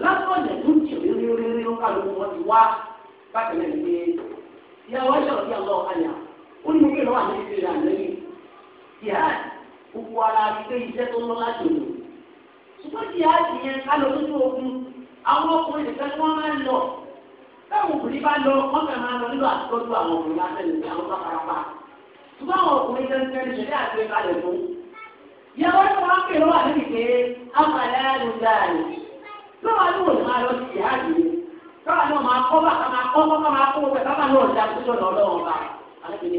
lásán lè tún jì rírírí ó kàlù wọn ti wá bákan náà ni pé ìyàwó ẹ̀ṣọ́ ọ̀dí àwọn ọ̀kàlẹ̀ ó tó lọ́lá jòlò ṣùgbọ́n jihadi yẹn ká lọ lójú ogun àwọn ọkùnrin nìkan tí wọ́n máa ń lọ táwọn obìnrin bá lọ wọ́n fẹ́ máa lọ nílò àtọ́jú àwọn ọkùnrin látẹ̀lẹ̀ sí àwọn pápápá ṣùgbọ́n àwọn ọkùnrin tẹ́lifíṣẹ́ ní ṣẹlẹ̀ àti ìbálẹ̀ fún. ìyàwó ẹ̀ka wọn pè lọ́wọ́ àdébì pé àmàlẹ́ àlùdáàlì lọ́wọ́ àdúgbò máa lọ sí jihadi káwa náà máa kọ́ bá máa kọ́ bá máa kó bẹ́ẹ̀ bá máa lọ ọ̀dà àtúntò lọ́wọ́ bá àdébì ní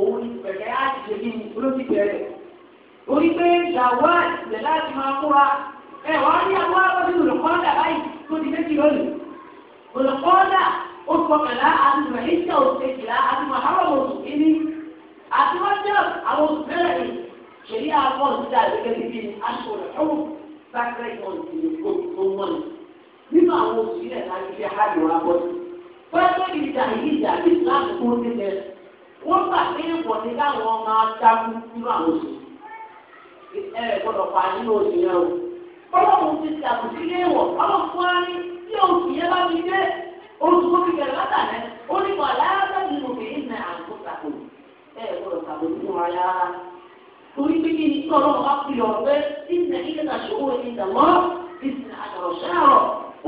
òun ni pẹ̀lẹ́ láti ṣe kí ni olókìkẹ́ rẹ̀. orí pé ṣàwọ́ àtìlẹ̀ láti máa kóra ẹ wá ní àwọn akọ́sílẹ̀ olùkọ́ńdà báyìí tó ti méjì lónìí. olùkọ́ńdà ó kọkànlá àti mẹ̀lẹ́sà òṣèkìlá àti mọ̀hárọ̀ òṣèkìní àti wọ́n jẹ́ àwọn òṣèlérẹ̀ ṣèlú àwọn òṣìṣẹ́ àgbẹ̀gẹ́ bíbí aṣọ òṣèlú sacred month ní gbogbo mọ́ni nínú àwọn òṣìṣẹ́ àti ìṣe àjọ àbọ̀dé. pẹ́ẹ́tẹ́ ìjà yìí ìjà wọ́n gbà pé ìwọ̀ ni káwọn máa dákú nínú àwọn òṣèlú ẹ ẹ gbọ́dọ̀ pa nínú òṣèlú yẹn o ọlọ́run ti ṣàkóso ilé ìwọ̀ ọlọ́run fún wa ní tí oṣù yẹn bá fi dé oṣù tó fi bẹ̀rẹ̀ látàlẹ́ ó ní wà láyàtàbí mo fi ìnà àgbọ̀sàkó ẹ ẹ gbọ́dọ̀ ṣàkóso fún wa yára torí pé kí ni ọlọ́run bá fi ọ̀rẹ́ ìnà ìkẹta ṣòwò ìdàmọ́ ìsìn àtàrọ̀ṣàrọ̀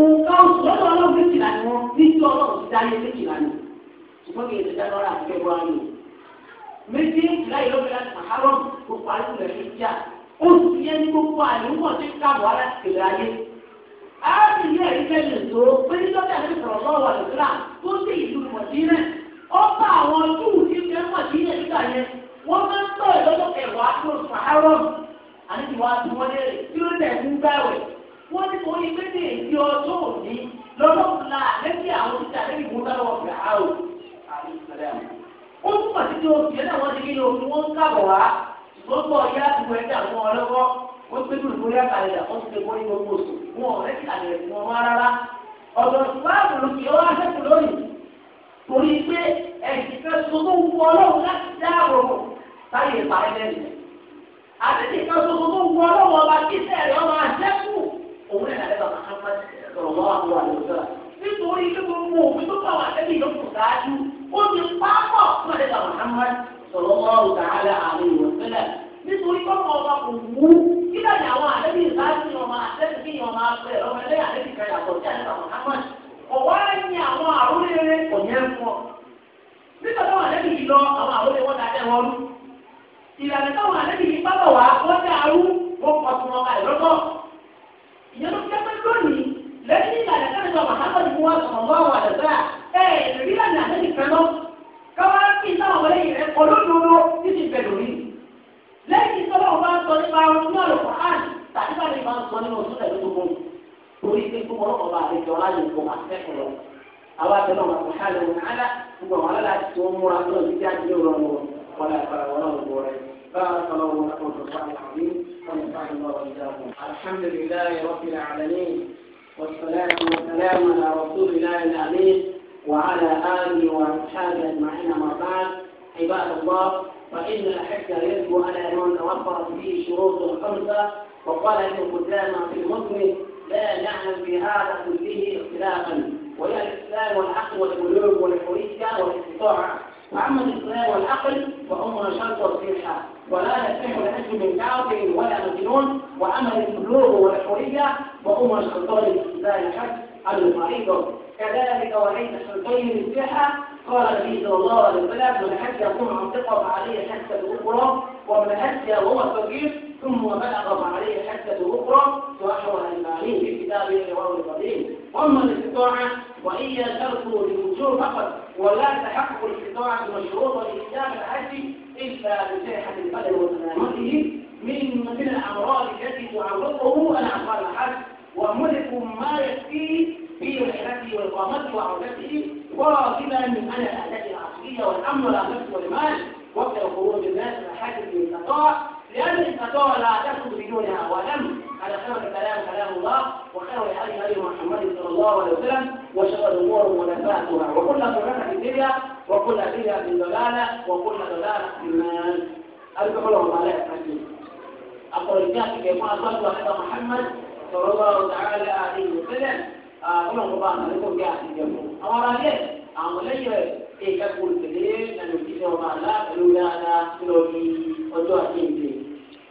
òǹkà oṣù lọ́dọ̀ ọlọ́run méjìlá ni wọ́n ní tí ọlọ́run ti dá méjì láyé lọ́bẹ̀ láti màkàrọ̀ gbogbo àlùkò rẹ̀ ló jà ó sì yẹ ní gbogbo àlùmọ̀ tí káàbọ̀ ara ti tẹ̀lé ayé. Áàbì ní ẹ̀rí kẹ́lẹ̀ tó pé nítorí àti ìfọ̀rọ̀lọ́ wà lọ́sílà tó sì ìlú mọ̀dínà. Ó bá àwọn túù tí fẹ́ mọ̀dínà nígbà yẹn. Wọ́n máa ń tọ́ ìlọ́dọ̀ kẹwàá tó sàárọ̀. Àníbi wa ti wọ́n lé tí ó lẹ̀ ń gbàwẹ̀. Wọ́n ní mo ní èdè ọjọ́ òní lọ́dọ̀ fúnra lẹ́sìn àwọn títà ó tún pàṣẹ tí oṣù yẹn náà wọ́n ti kíni oṣù wọn ń kábọ̀ wá ṣùgbọ́n bọ̀ ya ìwọ ẹ̀dá àwọn ọlọ́wọ́ wọ́n pé kúrò lórí àkàlẹ̀ àwọn ti tẹ̀wọ́ ní gbogbo oṣù wọn ọ̀rẹ́ ti àlẹ̀ fún wọn rárá ọ̀dọ̀ ìfáàbù ló fi ọwọ́ aṣẹ́kù lónìí torí pé ẹ̀sìn fẹ́ sọ́kó wù ọlọ́run láti dáàbò táyé ìpàdé lẹ́yìn àti nìkan tó gbogbo wọ ọlọ́wọ́ ọba kíkẹ́ rẹ̀ ọmọ àjẹkù òun náà lẹ́gbàá máa ń pàṣẹ lọ́wọ́ àwọn àlejò rẹ̀ nítorí pé gbogbo òfin tó bá wà lẹ́yìn yóò kù dáájú ó ti pápọ̀ fún ẹ̀dá Muhammad sọ̀rọ̀ mọ́rù tààlà àlẹ́ ìwọ̀sílẹ̀ nítorí kọ́kọ́ ọba kò wú kílẹ̀ ní àwọn àlẹ́bí ìsáájú ọmọ àtẹ́sí kí ọmọ afẹ́ ọmọ ẹlẹ́yà àlẹ́bí kan yàtọ̀ sí àlẹ́bí Muhammad ọ̀wá ní àwọn àrólére ọ̀yẹ́ ń fọ́ nígbà táwọn àlẹ́bí yìí lọ àwọn àrólé wọn dáadẹ́ wọn rú ìlànà táwọn àlẹ́bí yìí bá bọ̀ wá wọ́n dá arú wọ́n pọ̀ tún ọba ìlọ́tọ̀ ìyẹn ló fi wọn nínú oṣù tẹ̀lé gbogbo torí pé gbogbo ọlọ́kọ̀ bá àlejò ọláyè kò máa fẹ́kọ̀ọ́ lọ. àwọn àtẹnà wọn kò hàn lóhùn ádá gbogbo àwọn aláàtì tó ń múra lọ sí jáde ní ọ̀rọ̀ wọn wọn lè fara wọn náà gbọ́ rẹ̀. بارك الله لكم في القرآن العظيم ونفعني الله وإياكم. الحمد لله رب العالمين والصلاة والسلام على رسول الله الأمين وعلى آله وأصحابه أجمعين أما بعد عباد الله فإن الحج يجب على من توفرت فيه الشروط الخمسة وقال ابن قدامة في المسلم لا نعلم في هذا كله اختلافا وهي الإسلام والعقل والقلوب والحرية والاستطاعة وأما الإسلام والعقل فهما شرط وصيحة ولا يصح لاجل من كافر ولا مجنون وأما القلوب والحرية فهما شرطان لإسلام الحج الفريضة كذلك وليس شرطين للصحة قال النبي صلى الله عليه وسلم من حج يكون عن ثقة فعليه حتى الأخرى ومن حج وهو صغير ثم بلغ عليه حتى أخرى تؤخر المعنيه في كتابه الحوار القديم أما الاستطاعة وهي تركه للوجوه فقط ولا تحقق الاستطاعة مشروطة لإسلام الحج إلا بصحة البدن وسلامته من من الأمراض التي تعرضه الأعمال الحج وملك ما يكفيه في رحلته وإقامته وعودته فاضلا من أن الأهداف العقلية والأمن والأمن والمال وقت الخروج الناس الحاجة من استطاع لأن الفتوى لا تكتب بدونها ولم على خير الكلام كلام الله وخير الحديث هدي محمد صلى الله عليه وسلم وشر الأمور محدثاتها وكل في الدنيا وكل بدعة ضلالة وكل ضلالة في النار أذكرهم على الحديث أقول لك كما صلى على محمد صلى الله تعالى عليه وسلم آه، أقول لكم بعض لكم يا أخي جمهور أمر عليه أمر عليه إيه كقول كذلك أن يكتبوا مع الله فلولا أنا سلوكي وتوحيدي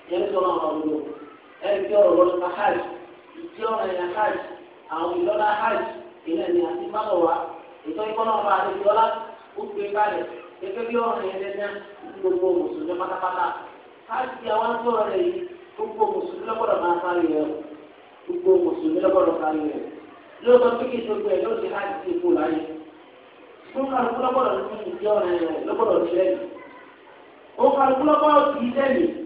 yẹn tó náà wọn lò ẹni tí ọ̀rọ̀ lọ́dún ká hajj ìdí ọ̀rọ̀ yẹn hajj àwọn ìlọ́lá hajj ìlẹ̀ ní àti máwọ̀wá ìtọ́ ìkọ́nà ọba àti ìlọ́lá ó gbé kalẹ̀ gẹ́gẹ́ bí ọ̀rọ̀ yẹn dẹ́dẹ́ gbogbo mùsùlùmí pátápátá hajj ti àwọn tó rẹ̀ yìí gbogbo mùsùlùmí lọ́gbọ̀dọ̀ máa parí rẹ̀ gbogbo mùsùlùmí lọ́gbọ̀dọ̀ parí rẹ̀ lóòótọ́ pé kí gbogbo ẹ̀ lóòótọ́ hajj ti kú láyé fún kálukú lọ́gbọ̀dọ̀ ní ìdí ọ̀rọ̀ yẹn lọ́gbọ̀dọ̀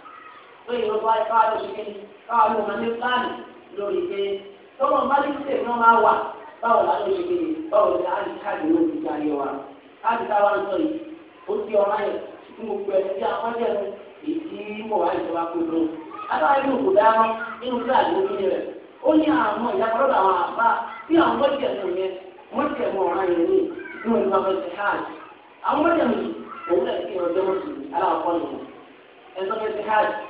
tó yẹ wọ́n wáyé káwá ló ṣe kí ni káwá ló máa ní pláàni lórí pé tọ́wọ́ bá ní sísè náà máa wà báwo la ló ṣe kí ni báwo ni a lè káàdì ló ti jáde wa káàdì táwa ń sọ yìí ó ti ọ̀rá yẹn fún gbogbo ẹni tí a kọ́ jẹ́ fún èyí mọ̀ wá ìjọba kó lóun aláwa inú kò dáná inú pláàni ó ní rẹ̀ ó ní àwọn ìyàtọ̀ àwọn àbá tí àwọn mọ́jẹ̀mú yẹn mọ́jẹ̀mú ọ̀rá yẹn ní inú ìgbà fẹ́ ti hajj àwọn mọ́jẹ̀mú òun náà ti kí ọjọ́ mọ́jẹ̀mú aláwọ̀ kọ́ nìyẹn ẹ̀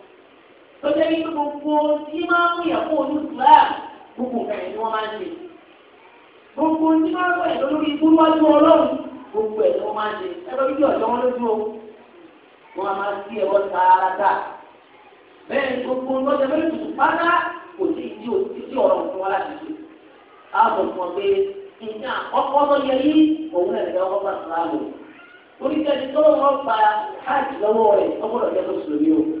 tó jẹ́ ní gbogbo tí máa ń yàn fún ojú ìgbà gbogbo kẹ̀lẹ́ ni wọ́n máa ń ṣe gbogbo tí máa ń yàn lórí ikú wájú ọlọ́run gbogbo ẹ̀ ni wọ́n máa ń ṣe ẹgbẹ́ bíbí ọ̀dọ́ wọn lójú o wọ́n á máa sí ẹ̀rọ tààràtà bẹ́ẹ̀ ni gbogbo lọ́jọ́ mẹ́rin tó pátá kò sí ìdí òtítí ọ̀rọ̀ fún wa láti ṣe káàbọ̀ fún ọ pé ìjà ọkọ̀ tó yẹ yí òun ẹ̀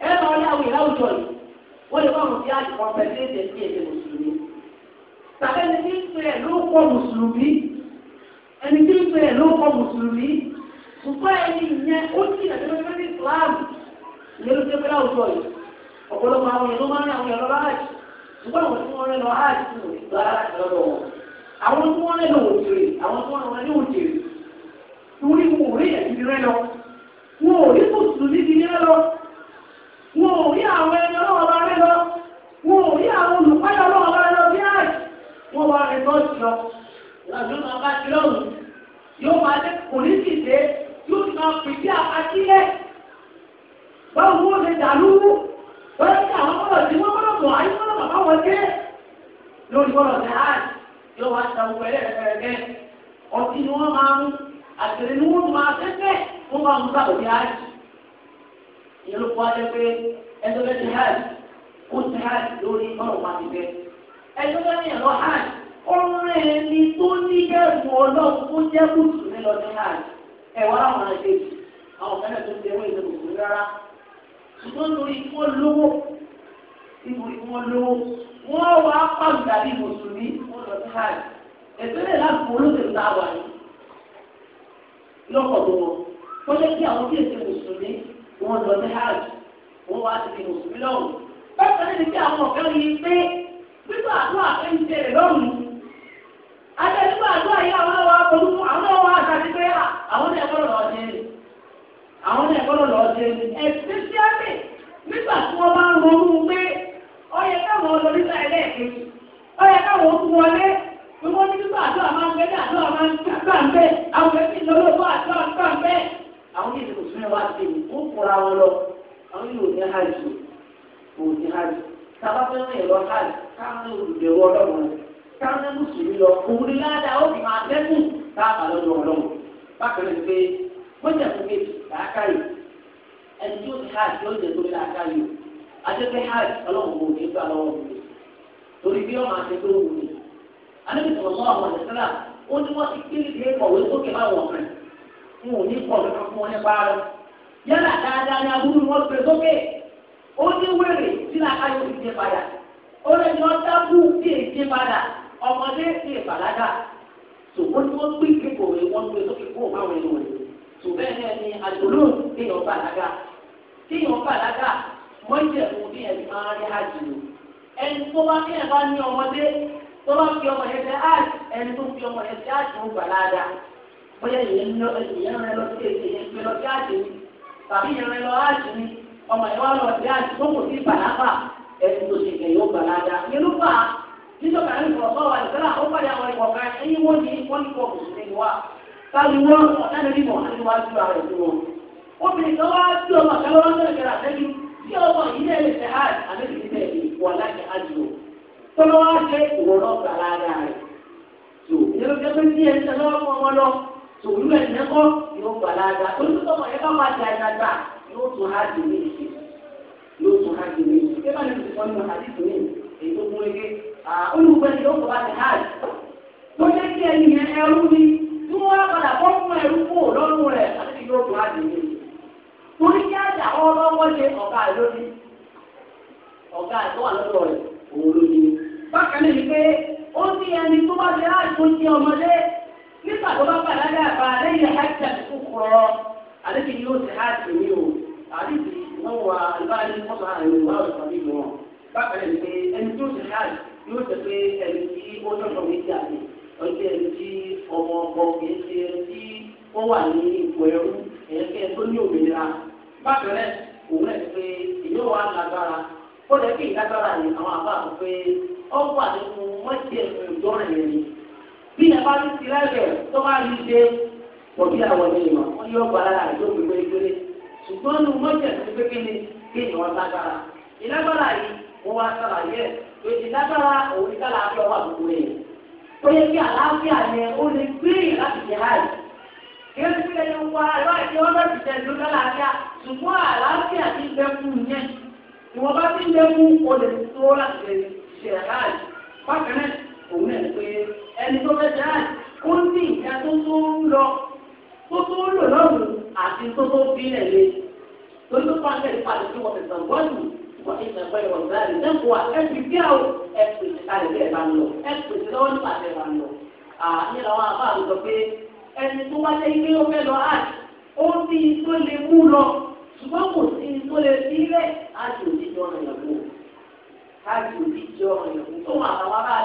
ẹ lọ ya àwọn ìláwùjọ yìí wọ́n lè fọ́ọ̀mù sí àjùmọ̀ pẹ̀lú èdè sí èdè mùsùlùmí. tàbí ẹni tí ń pè ẹ̀ ló kọ́ mùsùlùmí ẹni tí ń pè ló kọ́ mùsùlùmí ẹni ìyẹn ó ti ní ìyẹn ló ọ̀pọ̀lọpọ̀ àwọn ló máa ń àwọn lọ àwọn tí wọ́n lọ ìgbà lọ́dọ̀ wọn àwọn tí wọ́n wọn ò rí àwọn ẹni ọlọ́wọ́ bá rẹ lọ wọn ò rí àwọn olùpáyọ̀ ọlọ́wọ́ bá rẹ lọ bí àì wọn wá rẹ bọ́ sí lọ làbí wọn bá ti lọ́rùn yóò máa dé kò ní sì dé yóò ti máa pè sí àpátílẹ̀ báwo wọn lè dàlú wọ́n ti àwọn bọ́lọ̀ tí wọ́n bọ́lọ̀ bọ̀ ayé bọ́lọ̀ bàbá wọn dé lórí bọ́lọ̀ ní àì yóò wá sa gbogbo ẹlẹ́rẹ̀ẹ́rẹ́ ọtí ni wọ́n máa mú àtẹ̀lẹ́ ni wọ́n máa fẹ́fẹ́ wọ́n máa mú sábòdì àì ìlú kọ́ adé pé ẹjọ́ bẹ́ẹ̀ ti hajj kó ti hajj lórí ọ̀rọ̀ máa ti bẹ́ ẹjọ́ bẹ́ẹ̀ ni ẹ̀rọ hajj ọ̀rọ̀ ẹni tó ní bẹ́ẹ̀rù ọlọ́run tó jẹ́ kùtù ní lọ ní hajj ẹ̀wọ́ àwọn àṣẹ àwọn fẹ́lẹ̀ tó ti ẹwọ́ ìlú kùtù rárá ṣùgbọ́n lórí ìfọ́ lówó ìfọ́ ìfọ́ lówó wọ́n wá pàmì tàbí mùsùlùmí wọ́n lọ sí hajj ẹ̀sẹ̀lẹ̀ láti olóṣèlú náà wà ní lọ́kọ̀ọ́ tó wọn wọ́n kí àwọn tí èsì mùsùlùmí wọ́n lọ sí hajj wọ́n wá sí ti mùsùlùmí lọ́rùn. bákan ni pé àwọn ọ̀gá rí pé gbígbà àdúrà pé ń ṣe rẹ̀ lọ́rùn. ajá nígbà àdúrà yìí àwọn náà pẹ̀lú àwọn pé àwọn bára wọn lọ àwọn yóò ní hajj kò ní hajj sábà fẹ́ rìn lọ hajj káwọn olùdèrò ọlọ́run káwọn mùsùlùmí lọ òun ládàá ó fi máa dẹ́kù káàkà lọ́dọ̀ ọlọ́run bákan náà pé wọ́n fún kejì làákàyè ẹni aka ti hajj yóò jẹ́ tó o adébẹ́ hajj ọlọ́run kò ní gbà lọ́wọ́ mi torí bí ọmọ àti tó wù mí àwọn yálà dáadáa ni abúlé wọn pè sókè ó ní wèrè tí làákàyò ti dé padà ó lè ní ọjà kú tí èyí dé padà ọmọdé ti ìbàlágà tó wọ́n ní wọ́n gbé kéko rẹ̀ wọ́n gbé sókè kó o máa wẹ̀ lò rẹ̀ tó bẹ́ẹ̀ náà ni àdúró kéèyàn bàlágà kéèyàn bàlágà mọ́jẹ̀mú bí ẹ̀ máa rí àjùlọ ẹni tó bá ní ẹ̀ bá ní ọmọdé tó bá fi ọmọ yẹn fẹ́ áàtì ẹni tó fi ọmọ yẹn fẹ́ áàtì ń gbàlágà bóyá ìyẹn ń lọ ẹ̀yìn yẹn rẹ lọ sí èdè yẹn gbé lọ sí àjùlọ tàbí ìrìn lọ áàjì ni ọmọ ìwà lọ sí áàjì tó kò sí ìpàdápà ẹni tó ṣe kẹyọ gbàdáda nínú bá nítorí àwọn ìfọ̀sọ́ wa ìfẹ́ náà ó pàdé àwọn ìfọ̀ká ẹni wọ́n ní wọ́n ní kọ́ mùsùlùmí wa táwọn ìwọ ọ̀tẹ́ni mímọ̀ ẹni wá ju ara ìlú wọn. obìnrin kan wá sí ọmọ kan lọ́wọ́ lọ́wọ́ kẹrẹ àtẹ́jú tí ọmọ yìí náà lè fẹ́ áàjì àbẹ́bí ti bẹ̀rẹ̀ wà o. tọ́lọ́wọ́ tòun ẹ̀ nẹ́kọ́ yóò gbà dáadáa olùsọ̀mọ̀ ẹ̀ bá wà dáadáa yóò tún há di méjì yóò tún há di méjì ẹ bá níbi ìfọ̀nù àdìsí mi èyí tó kún ege olùgbẹ́ni yóò kọ́ bá ti há di. tó jẹ́ kí ẹni yẹn ẹrú ni tí wọ́n wá padà bọ́ fún ẹrú kó lọ́rùn rẹ̀ àti yóò tún há di méjì. torí kí àjà ọlọ́wọ́ ṣe ọ̀gá lórí ọ̀gá tó wà lọ́dọ̀ rẹ̀ òun ló ní. bákan náà ni pé ó ti ẹni tó bá ti há nígbà tó bá bàlágà bá lẹ́yìn hajj tó kọ̀ àdéhùn yóò ti hajj mi o àdéhùn wọn wà àlùbáyé mọ́tò àrùn ìwà òṣùpá mi mọ́ bákan ẹni pé ẹni tó ti hajj yóò tẹ̀ pé ẹni tí ó tọ̀tọ̀ mi jà ní ọjọ́ ẹni tí ọmọ ọkọ kìí ṣe ẹni tí ó wà ní ipò ẹrú ẹ̀ẹ́kẹ́ tó ní òmìnira bákan náà òun ẹ̀ pé ìyóò wà lágbára ó lẹ́ kí ìlágbára ni àwọn àbá àti pé ọ mọ́tì ẹ̀sùn bí ẹ bá ti lẹ́rẹ̀ tó bá rí ṣe pọ̀ bí àwọn ní ìmọ̀ wọ́n yọ ọgbà lára àjọ gbogbo ìgbélé ṣùgbọ́n ní mọ́jẹ̀ tó gbé kíni kí ni wọ́n lágbára ìlágbára yìí wọ́n wá sára yẹ pé ìlágbára òun ìkálà àfẹ́ wà gbogbo rẹ̀ ó yẹ kí àlàáfíà yẹn ó lè gbé láti jẹ láì kí ó ti fi ẹni wá ẹ̀rọ àti ọ̀rọ̀ ti tẹ̀ ló lálàáfíà ṣùgbọ́n àlàáfíà ti bẹ́ fún yẹn ìwọ̀n bá ti bẹ́ fún olè tó láti ṣe láì bákan náà òun náà pé ẹni tó fẹ́ dá ó ń ní ìjà tó tó ń lọ tó tó ń lò lọ́rùn àti tó tó fi ilẹ̀ le lórí tó pa akẹ́lẹ́ padà tí wọ́n tẹ̀sán wọ́ọ̀dù wọ́n ti sàn pẹ́lú ọ̀gá rẹ̀ lẹ́kọ̀ọ́ ẹ̀sì bí a ò ẹ̀ pèsè kalẹ̀ bí ẹ̀ bá ń lọ ẹ̀ pèsè lọ́wọ́ nípa ẹ̀ bá ń lọ. àyìn làwọn àbá àlùkò pé ẹni tó wáyé ilé ó fẹ́ lọ áàtì ó ní tó lè mú lọ ṣùgbọ́n kò sí tó lè fi rẹ̀ áàtì òjijì ọ̀rọ̀ ìyàwó áàtì òjijì ọ̀rọ̀ ìyàwó tó wà àwọn ará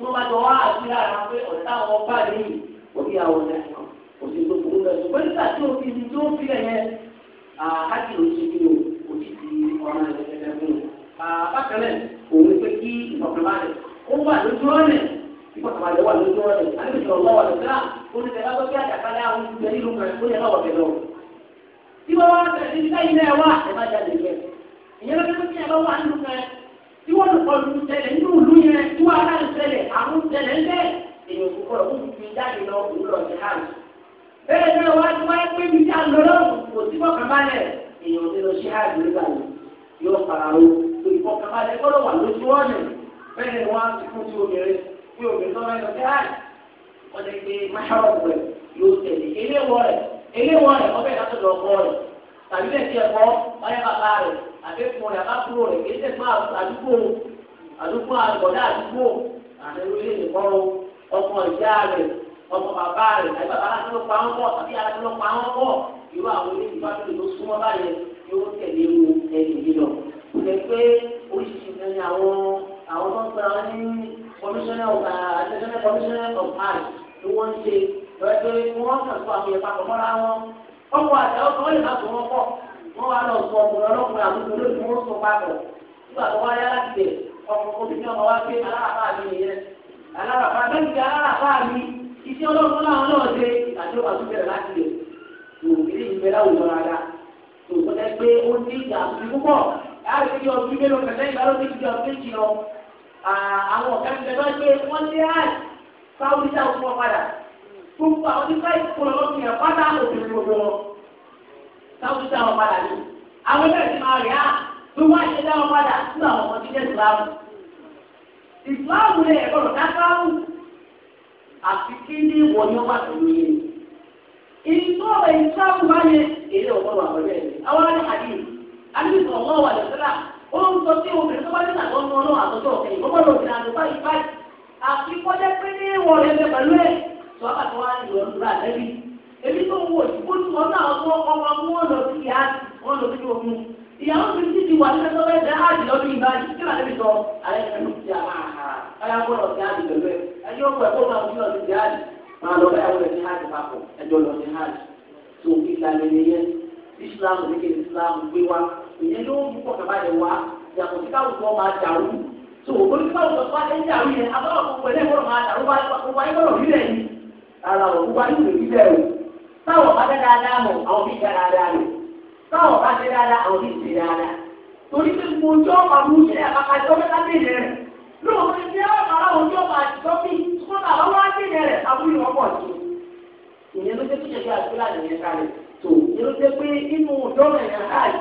tí wọ́n bá jọ wá àti lára pé ọ̀tá wọn bá ní òbí àwọn ọ̀nà òsì tó burú lọ ṣùgbọ́n nígbà tí o fi ibi tó fi ẹ̀ yẹn àhájì ló ṣe kí o kò ti di ọ̀nà ìrẹsẹ̀ fún un. bákan náà òun pé kí ìfọ̀kànbalẹ̀ ó wà lójú ọ̀nà ìfọ̀kànbalẹ̀ wà lójú ọ̀nà àlejò ọ̀gbọ́n wà lójú náà olùkẹ́ bá gbọ́dọ̀ àjàkálẹ̀ àwọn ìgbẹ́ nílùú kan ó yẹ lọ́wọ́ bẹ̀ lọ tí wọ́n lọ kọlu tẹ́lẹ̀ nínú ìlú yẹn tí wọ́n aláǹ tẹ́lẹ̀ àwọn tẹ́lẹ̀ ń bẹ́ẹ̀ èyí òkú kọ́ ọ̀hún fi jáde lọ òun lọ sí hàn. bẹ́ẹ̀ náà wá tí wọ́n pé mi ká lọ lọ́wọ́ kò sí fọkànbalẹ̀ èyí òun ti lọ sí hàn nígbà yìí yóò fara o kò sí fọkànbalẹ̀ gbọ́dọ̀ wà lójú ọ̀nà bẹ́ẹ̀ wá ti fún ti obìnrin pé obìnrin tó lọ sí hàn wọ́n ti gbé àtẹ̀kùn rẹ̀ kákúrò rẹ̀ kí ẹ̀sẹ̀ máa àdúgbò àdúgbò àgbọ̀dá àdúgbò àtẹ̀wé ilé ìkọ́rọ̀ ọmọ ìyá rẹ̀ ọmọ bàbá rẹ̀ àti bàbá aláṣẹ ló pa wọn pọ̀ àbí aláṣẹ ló pa wọn pọ̀ irú àwọn ilé ìbáṣepọ̀ tó súnmọ́ báyẹn yóò tẹ̀lé irú ẹni yìí lọ. ṣe pé oríṣiríṣi ni àwọn àwọn tó ń sara ní commissioner of additional commissioner of art ni wọ́n ń ṣe lọ́wọ́ pé wọ́n kàn fún àwọn ìyẹn papọ̀ mọ́ra wọn. ọkọ̀ àtẹ̀wọ́ kan wọ́n lè má wọ́n wá lọ sọ ọkùnrin ọlọ́kùnrin àbúrò lónìí wọ́n sọ papọ̀ nígbà tó wáyé láti tẹ̀ ọkùnrin obìnrin ọmọ wa gbé aláràbá mi yẹn aláràbá bẹ́ẹ̀ ni aláràbá mi iṣẹ́ ọlọ́run láwọn náà ṣe àti àtúbẹ̀rẹ̀ láti lè òkèlè ìgbẹ́lá òun rárá òun ẹ pé ó ní ìgbà àti púpọ̀ láti fi ọdún mélòó kẹlẹ́ ìgbàlódé ti di ọdún méjì lọ àwọn ọ̀gá ti lẹ́gbẹ́ pé wọ́n lé àì fáwọn oníṣẹ́ àwọn ọmọ padà gbogbo àwọn oníṣẹ́ ìkọlọ́ọ̀kì ẹ̀ pátá òkèlè gbogbo wọn. káwọn tó dáwọn padà ní. àwọn ilé ìsìn máa rí á bí wọ́n á ṣe dáwọn padà àwọn ọmọ ìsìláàmù. ìsìláàmù lè ẹ̀kọ́ lọ àfi kí ní ìwọ ni bá tó ọ̀rọ̀ ìsìláàmù bá yẹ èlé àwọn ní ọmọ náà àtọ́jọ́ ọ̀kẹ́ ìgbọ́gbọ́dọ̀ òfin àti báyìí báyìí àfi èmi tó ń wò sí kó tún ọ̀nà àwọn ọmọ mú ọ̀nà sí ìyá àti wọn lọ sí ogun ìyàwó mi ti di wà ní ẹgbẹ́ bẹ́ẹ̀ dá àjì lọ́dún ìbáyìí kí wàá débi sọ alẹ́ ẹ̀ka ló ti àmà àhàrà báyà gbọ́dọ̀ sí àjì pẹ̀lú ẹ̀ ẹjọ́ ọkọ̀ ẹ̀kọ́ máa fi lọ́dún sí àjì máa lọ báyà wọlé sí àjì papọ̀ ẹjọ́ lọ sí àjì tó kí ìlànà ẹni yẹn Islam ní kí Islam gbé wa ìyẹn ló ń pọ̀ kaba yẹn wa yàtọ̀ sí káwùjọ máa dàrú tó o ní káwùjọ máa ń dàrú yẹn abáwọ̀ kọ̀ọ̀kọ̀ ẹ̀ táwọn bá dá dáadáa mọ̀ àwọn bí dá dáadáa lò táwọn bá dá dáadáa àwọn bí dá dáadáa torí pé mo jọ àwọn oṣù àpapọ̀ àjọ mẹ́ta bèèrè rẹ̀ lóòótọ́ ni bí wọ́n máa wọ́n jọ máa jọ bí wọ́n máa wọ́n wá bèèrè rẹ̀ àbúrò wọn pọ̀ sí i ìyẹn ló dé tó yẹ kí àdúrà nìyẹn kalẹ̀ tó ìyẹn ló dé pé inú dọ́rọ̀ yẹn káàdì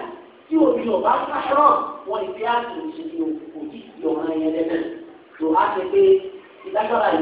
tí òbí ò bá káṣọ́ wọn ìfẹ́ àti òṣèlú òjì ìyọ̀ràn yẹn lẹ́nà tó á ti pé ìdájọ́ àyè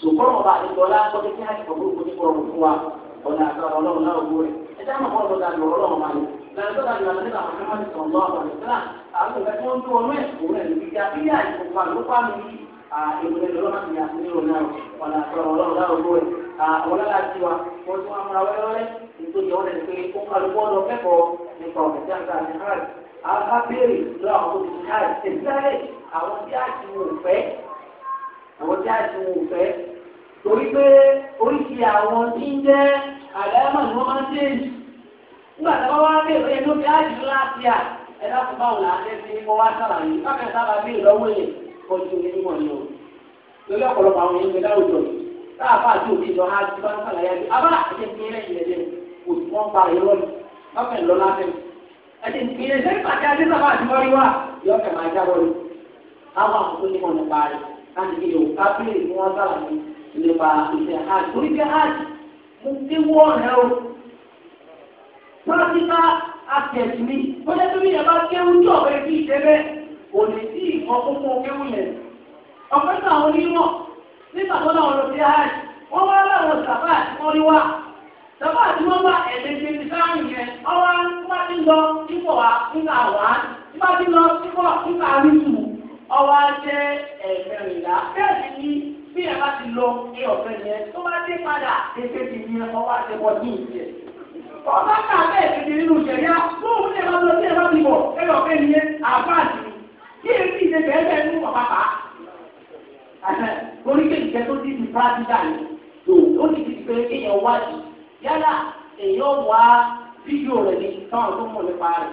ṣùgbọ́n ọba àdìgbọ́lá kọ́ni kí àyè kọ̀ọ̀kọ́ kò ní kọ̀ ọ̀rọ̀ fún wa ọ̀nà àtàwọn ọlọ́run náà wú rẹ̀ ẹ dáhùn kọ́ ọ̀dọ̀ àlọ́ ọlọ́run wa ni lẹ́yìn tó dájú àwọn nígbà wọn máa ń sọ ọ̀nà ọ̀nà ìsìlá àwọn ìfẹ́ tó ń dún ọmọ ẹ̀kọ́ rẹ̀ ní kíkà bí àyè kọ̀ọ̀kọ́ àlùkọ́ àmì yìí èbúrẹ́ lọ́wọ́ láti yà sí ìrò náà ọ̀nà àtàwọn ọlọ́run náà wú rẹ̀ àwọn aláàtí wa wọ́n tún máa múra wẹ́rẹ́wẹ́rẹ́ nítorí ọ̀rẹ́ pé ó kálukú ọ̀dọ̀ kẹ́kọ̀ọ́ nípa ọ̀gá tí a ta àti hàrì àwọn bá béèrè lọ́wọ́ àwọn tó ti hàrì tẹ̀síárẹ̀ àwọn tí a ti wò fẹ́ àwọn tí a ti wò fẹ́ torí pé oríṣi àwọn tí ń jẹ́ àdáyàmọ̀ ni wọ́n máa ń tẹ̀lé nígbà tí wọ́n wá bèèrè ẹni ó fi áàjì ńlá sí à ẹ̀dá kò bá òun àti ẹ̀sìn mọ́ wá sàlàyé káàkiri sábà bí ìlọ́wọ́ yẹn kọ́ ju ní wọn ni o lórí ọ̀pọ̀lọpọ̀ àwọn yẹn ń bẹ láwùjọ táàbà àti òbí ìjọ ha ti bá ń sàlàyé àti abá ẹ̀jẹ̀ fi ilẹ̀ ìlẹ̀ dẹ̀ kò tí wọ́n pa irọ́ ni lọ́kẹ̀ lọ lábẹ́ ẹ̀jẹ̀ ìpìlẹ̀ sẹ́yìn pàtẹ́ adé láti kí yòó kábíyè wọn sábà ní nípa ìṣe hajj torí pé hajj mo ti wọ ọ̀rẹ́ o pọ́nàtìkà àtẹ̀sí mi ó jẹ́ pé bíyẹn bá kéwú tí ọ̀bẹ kò sí fún kéwú yẹn ọ̀pẹ́ àwọn onímọ̀ nígbà tó náà lọ sí hajj wọ́n wá láwọn sàbá àti wọ́n rí wá sàbá àti wọ́n wá ẹ̀ẹ́dẹ́gbẹ́ ti ọwọ́ ajẹ́ ẹ̀mẹ́rìnlá bẹ́ẹ̀ ni ní bí ẹ bá ti lọ ní ọ̀fẹ́ yẹn tó bá dé padà ètè ti ní ọwọ́ ajẹ́ bọ́ ní ìjẹ́. ọba kà bẹ́ẹ̀ ti di nínú ìjẹ̀yà lóòrùn ní ẹ̀rọ tí ẹ̀rọ ti bọ̀ ẹ̀rọ ọ̀fẹ́ ni yẹn àbáàdì kí èmi ìṣe bẹ́ẹ̀ bẹ́ẹ̀ mú ọ̀pá pa. orí kéèké tó ti di pàtíkà ni ó ti di pé kéèyàn wájú yálà èèyàn wá fídíò rẹ̀ ní táwọn tó mọ̀ nípa rẹ̀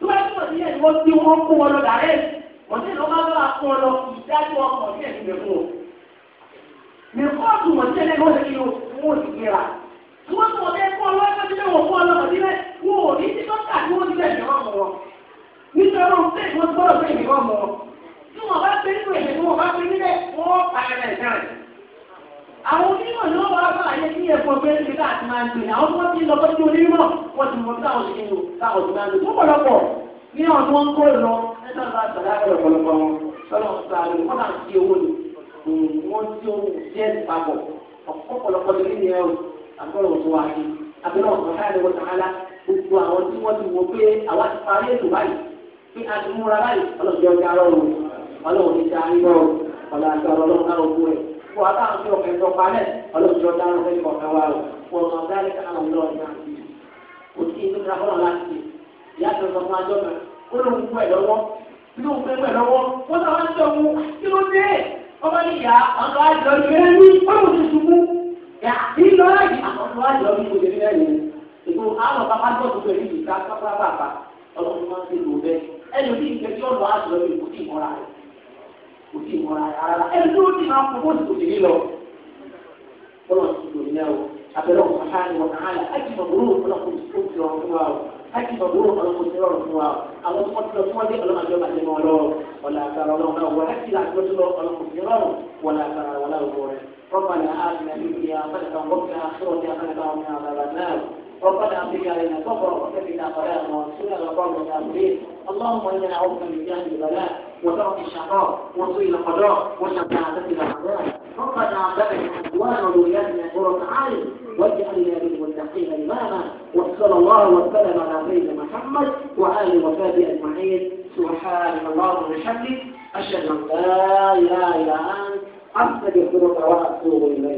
tó bá túmọ̀ sí ẹni wọ́n tí wọ́n kó wọn lọ dàrẹ́ mọ̀tí ìlú bá bá fún ọ lọ ìdájọ́ ọkọ̀ ní ẹ̀mí rẹ̀ fún ọ. nìkọ́ọ̀tù mọ̀tí ẹni wọ́n ti yọ wọ́n ti gbéra. wọ́n tún ọ̀dẹ́ fún ọ lọ́wọ́ ẹgbẹ́ tí wọ́n fún ọ lọ rẹ̀ wọ́n ò ní dókítà tí wọ́n ti bẹ̀ mìíràn mọ́ wọn. nítorí wọn fẹ́ ìwọ́n gbọ́dọ̀ fẹ́ àwọn onímọ̀ ni wọ́n máa bá ayé kí ẹ̀fọ́ pé ní káàtì máa ń gbìn àwọn tí wọ́n ti lọ bọ́jú onímọ̀ wọ́n ti mọ̀ táwọn ti ń lò táwọn ti máa ń lò tó pọ̀lọpọ̀ ní àwọn tí wọ́n ń kó lọ ẹ̀sán bá sọ̀rọ̀ àgbẹ̀ ọ̀pọ̀lọpọ̀ wọn sọ̀rọ̀ sàrò wọ́n máa ń ti owó ni hmm, wọ́n ti owó díẹ̀ papọ̀ ọ̀pọ̀lọpọ̀ ní kí ni ẹ o àgbọ̀rọ̀ tó wá sí àbẹ̀rẹ̀ ọ̀sán káyọ̀ wọ́n tàhálà gbogbo àwọn tí wọ́n ti wò pé àwa ti parí ètò báyìí pé a ti múra báyìí ọlọ́ọ̀jọ́ ọjà rọrùn ọlọ́ọ̀ fún wa káwọn tí ọkọ̀ ẹ̀sọ́ palẹ̀ ọlọ́dúnjọ́ dáhùn fẹ́ kọ̀ọ̀kan wa o fún ọmọ abúlé káwọn ọmọ ọ̀dọ́ náà ti kò sí inú ra fọlọ́ láti ṣe ìyá tó sọ fún ajọ́ kan ó lóun fún ẹ̀ lọ́wọ́ lóun fún ẹ̀ lọ́wọ́ wọ́n sọ wọn jọ mu kí ló dé ọmọ níyà ọ̀dọ́ àjọ ìrẹ́ ní ọ̀rùn ti ṣubú yà ní lọ́ọ̀rì àkọ́kọ́ àjọ mi kò débi lẹ́yìn àjọ mi kò tí wọn ara ẹni tó ti máa fún bóṣù tòṣì lílọ bọ́lá ti lò ní ẹ̀wọ̀ abẹ́rẹ́ ọ̀pọ̀ sáà ni wọ́n náà yà á ti mọ̀ bóró ọ̀pọ̀lọpọ̀ tó o á ti mọ̀ bóró o àwọn tó ti lọ fún ọdẹ ọlọ́mọdé ọmọdé mọ́ ọlọ́rọ̀ ọ̀là àgbàrá ọlọ́run náà wọ́n á ti là àgbọ̀tò lọ ọlọ́mọdé rọrùn wọ́n àgbàrá wọn náà wọ́n rẹ̀ rọ́pàlà á ti nà ní ìyá abẹ́rẹ́ kan wọ́n fi hàn sọ́ọ̀tì abẹ́rẹ́ kan ربنا أمرك علينا الكفر وثبت قلاءنا وانصرنا لقوم الكافرين اللهم إنا نعوذ من جهل البلاء وترك الشقاء وسوء القضاء وشماتة الأعداء ربنا عذبنا أزواج وذرياتنا قرة عين واجعلنا للمتقين إماما وصلى الله وسلم على سيدنا محمد وعلى وصحبه أجمعين سبحانك اللهم وبحمده أشهد أن لا إله إلا أنت أستغفرك وأتوب إليك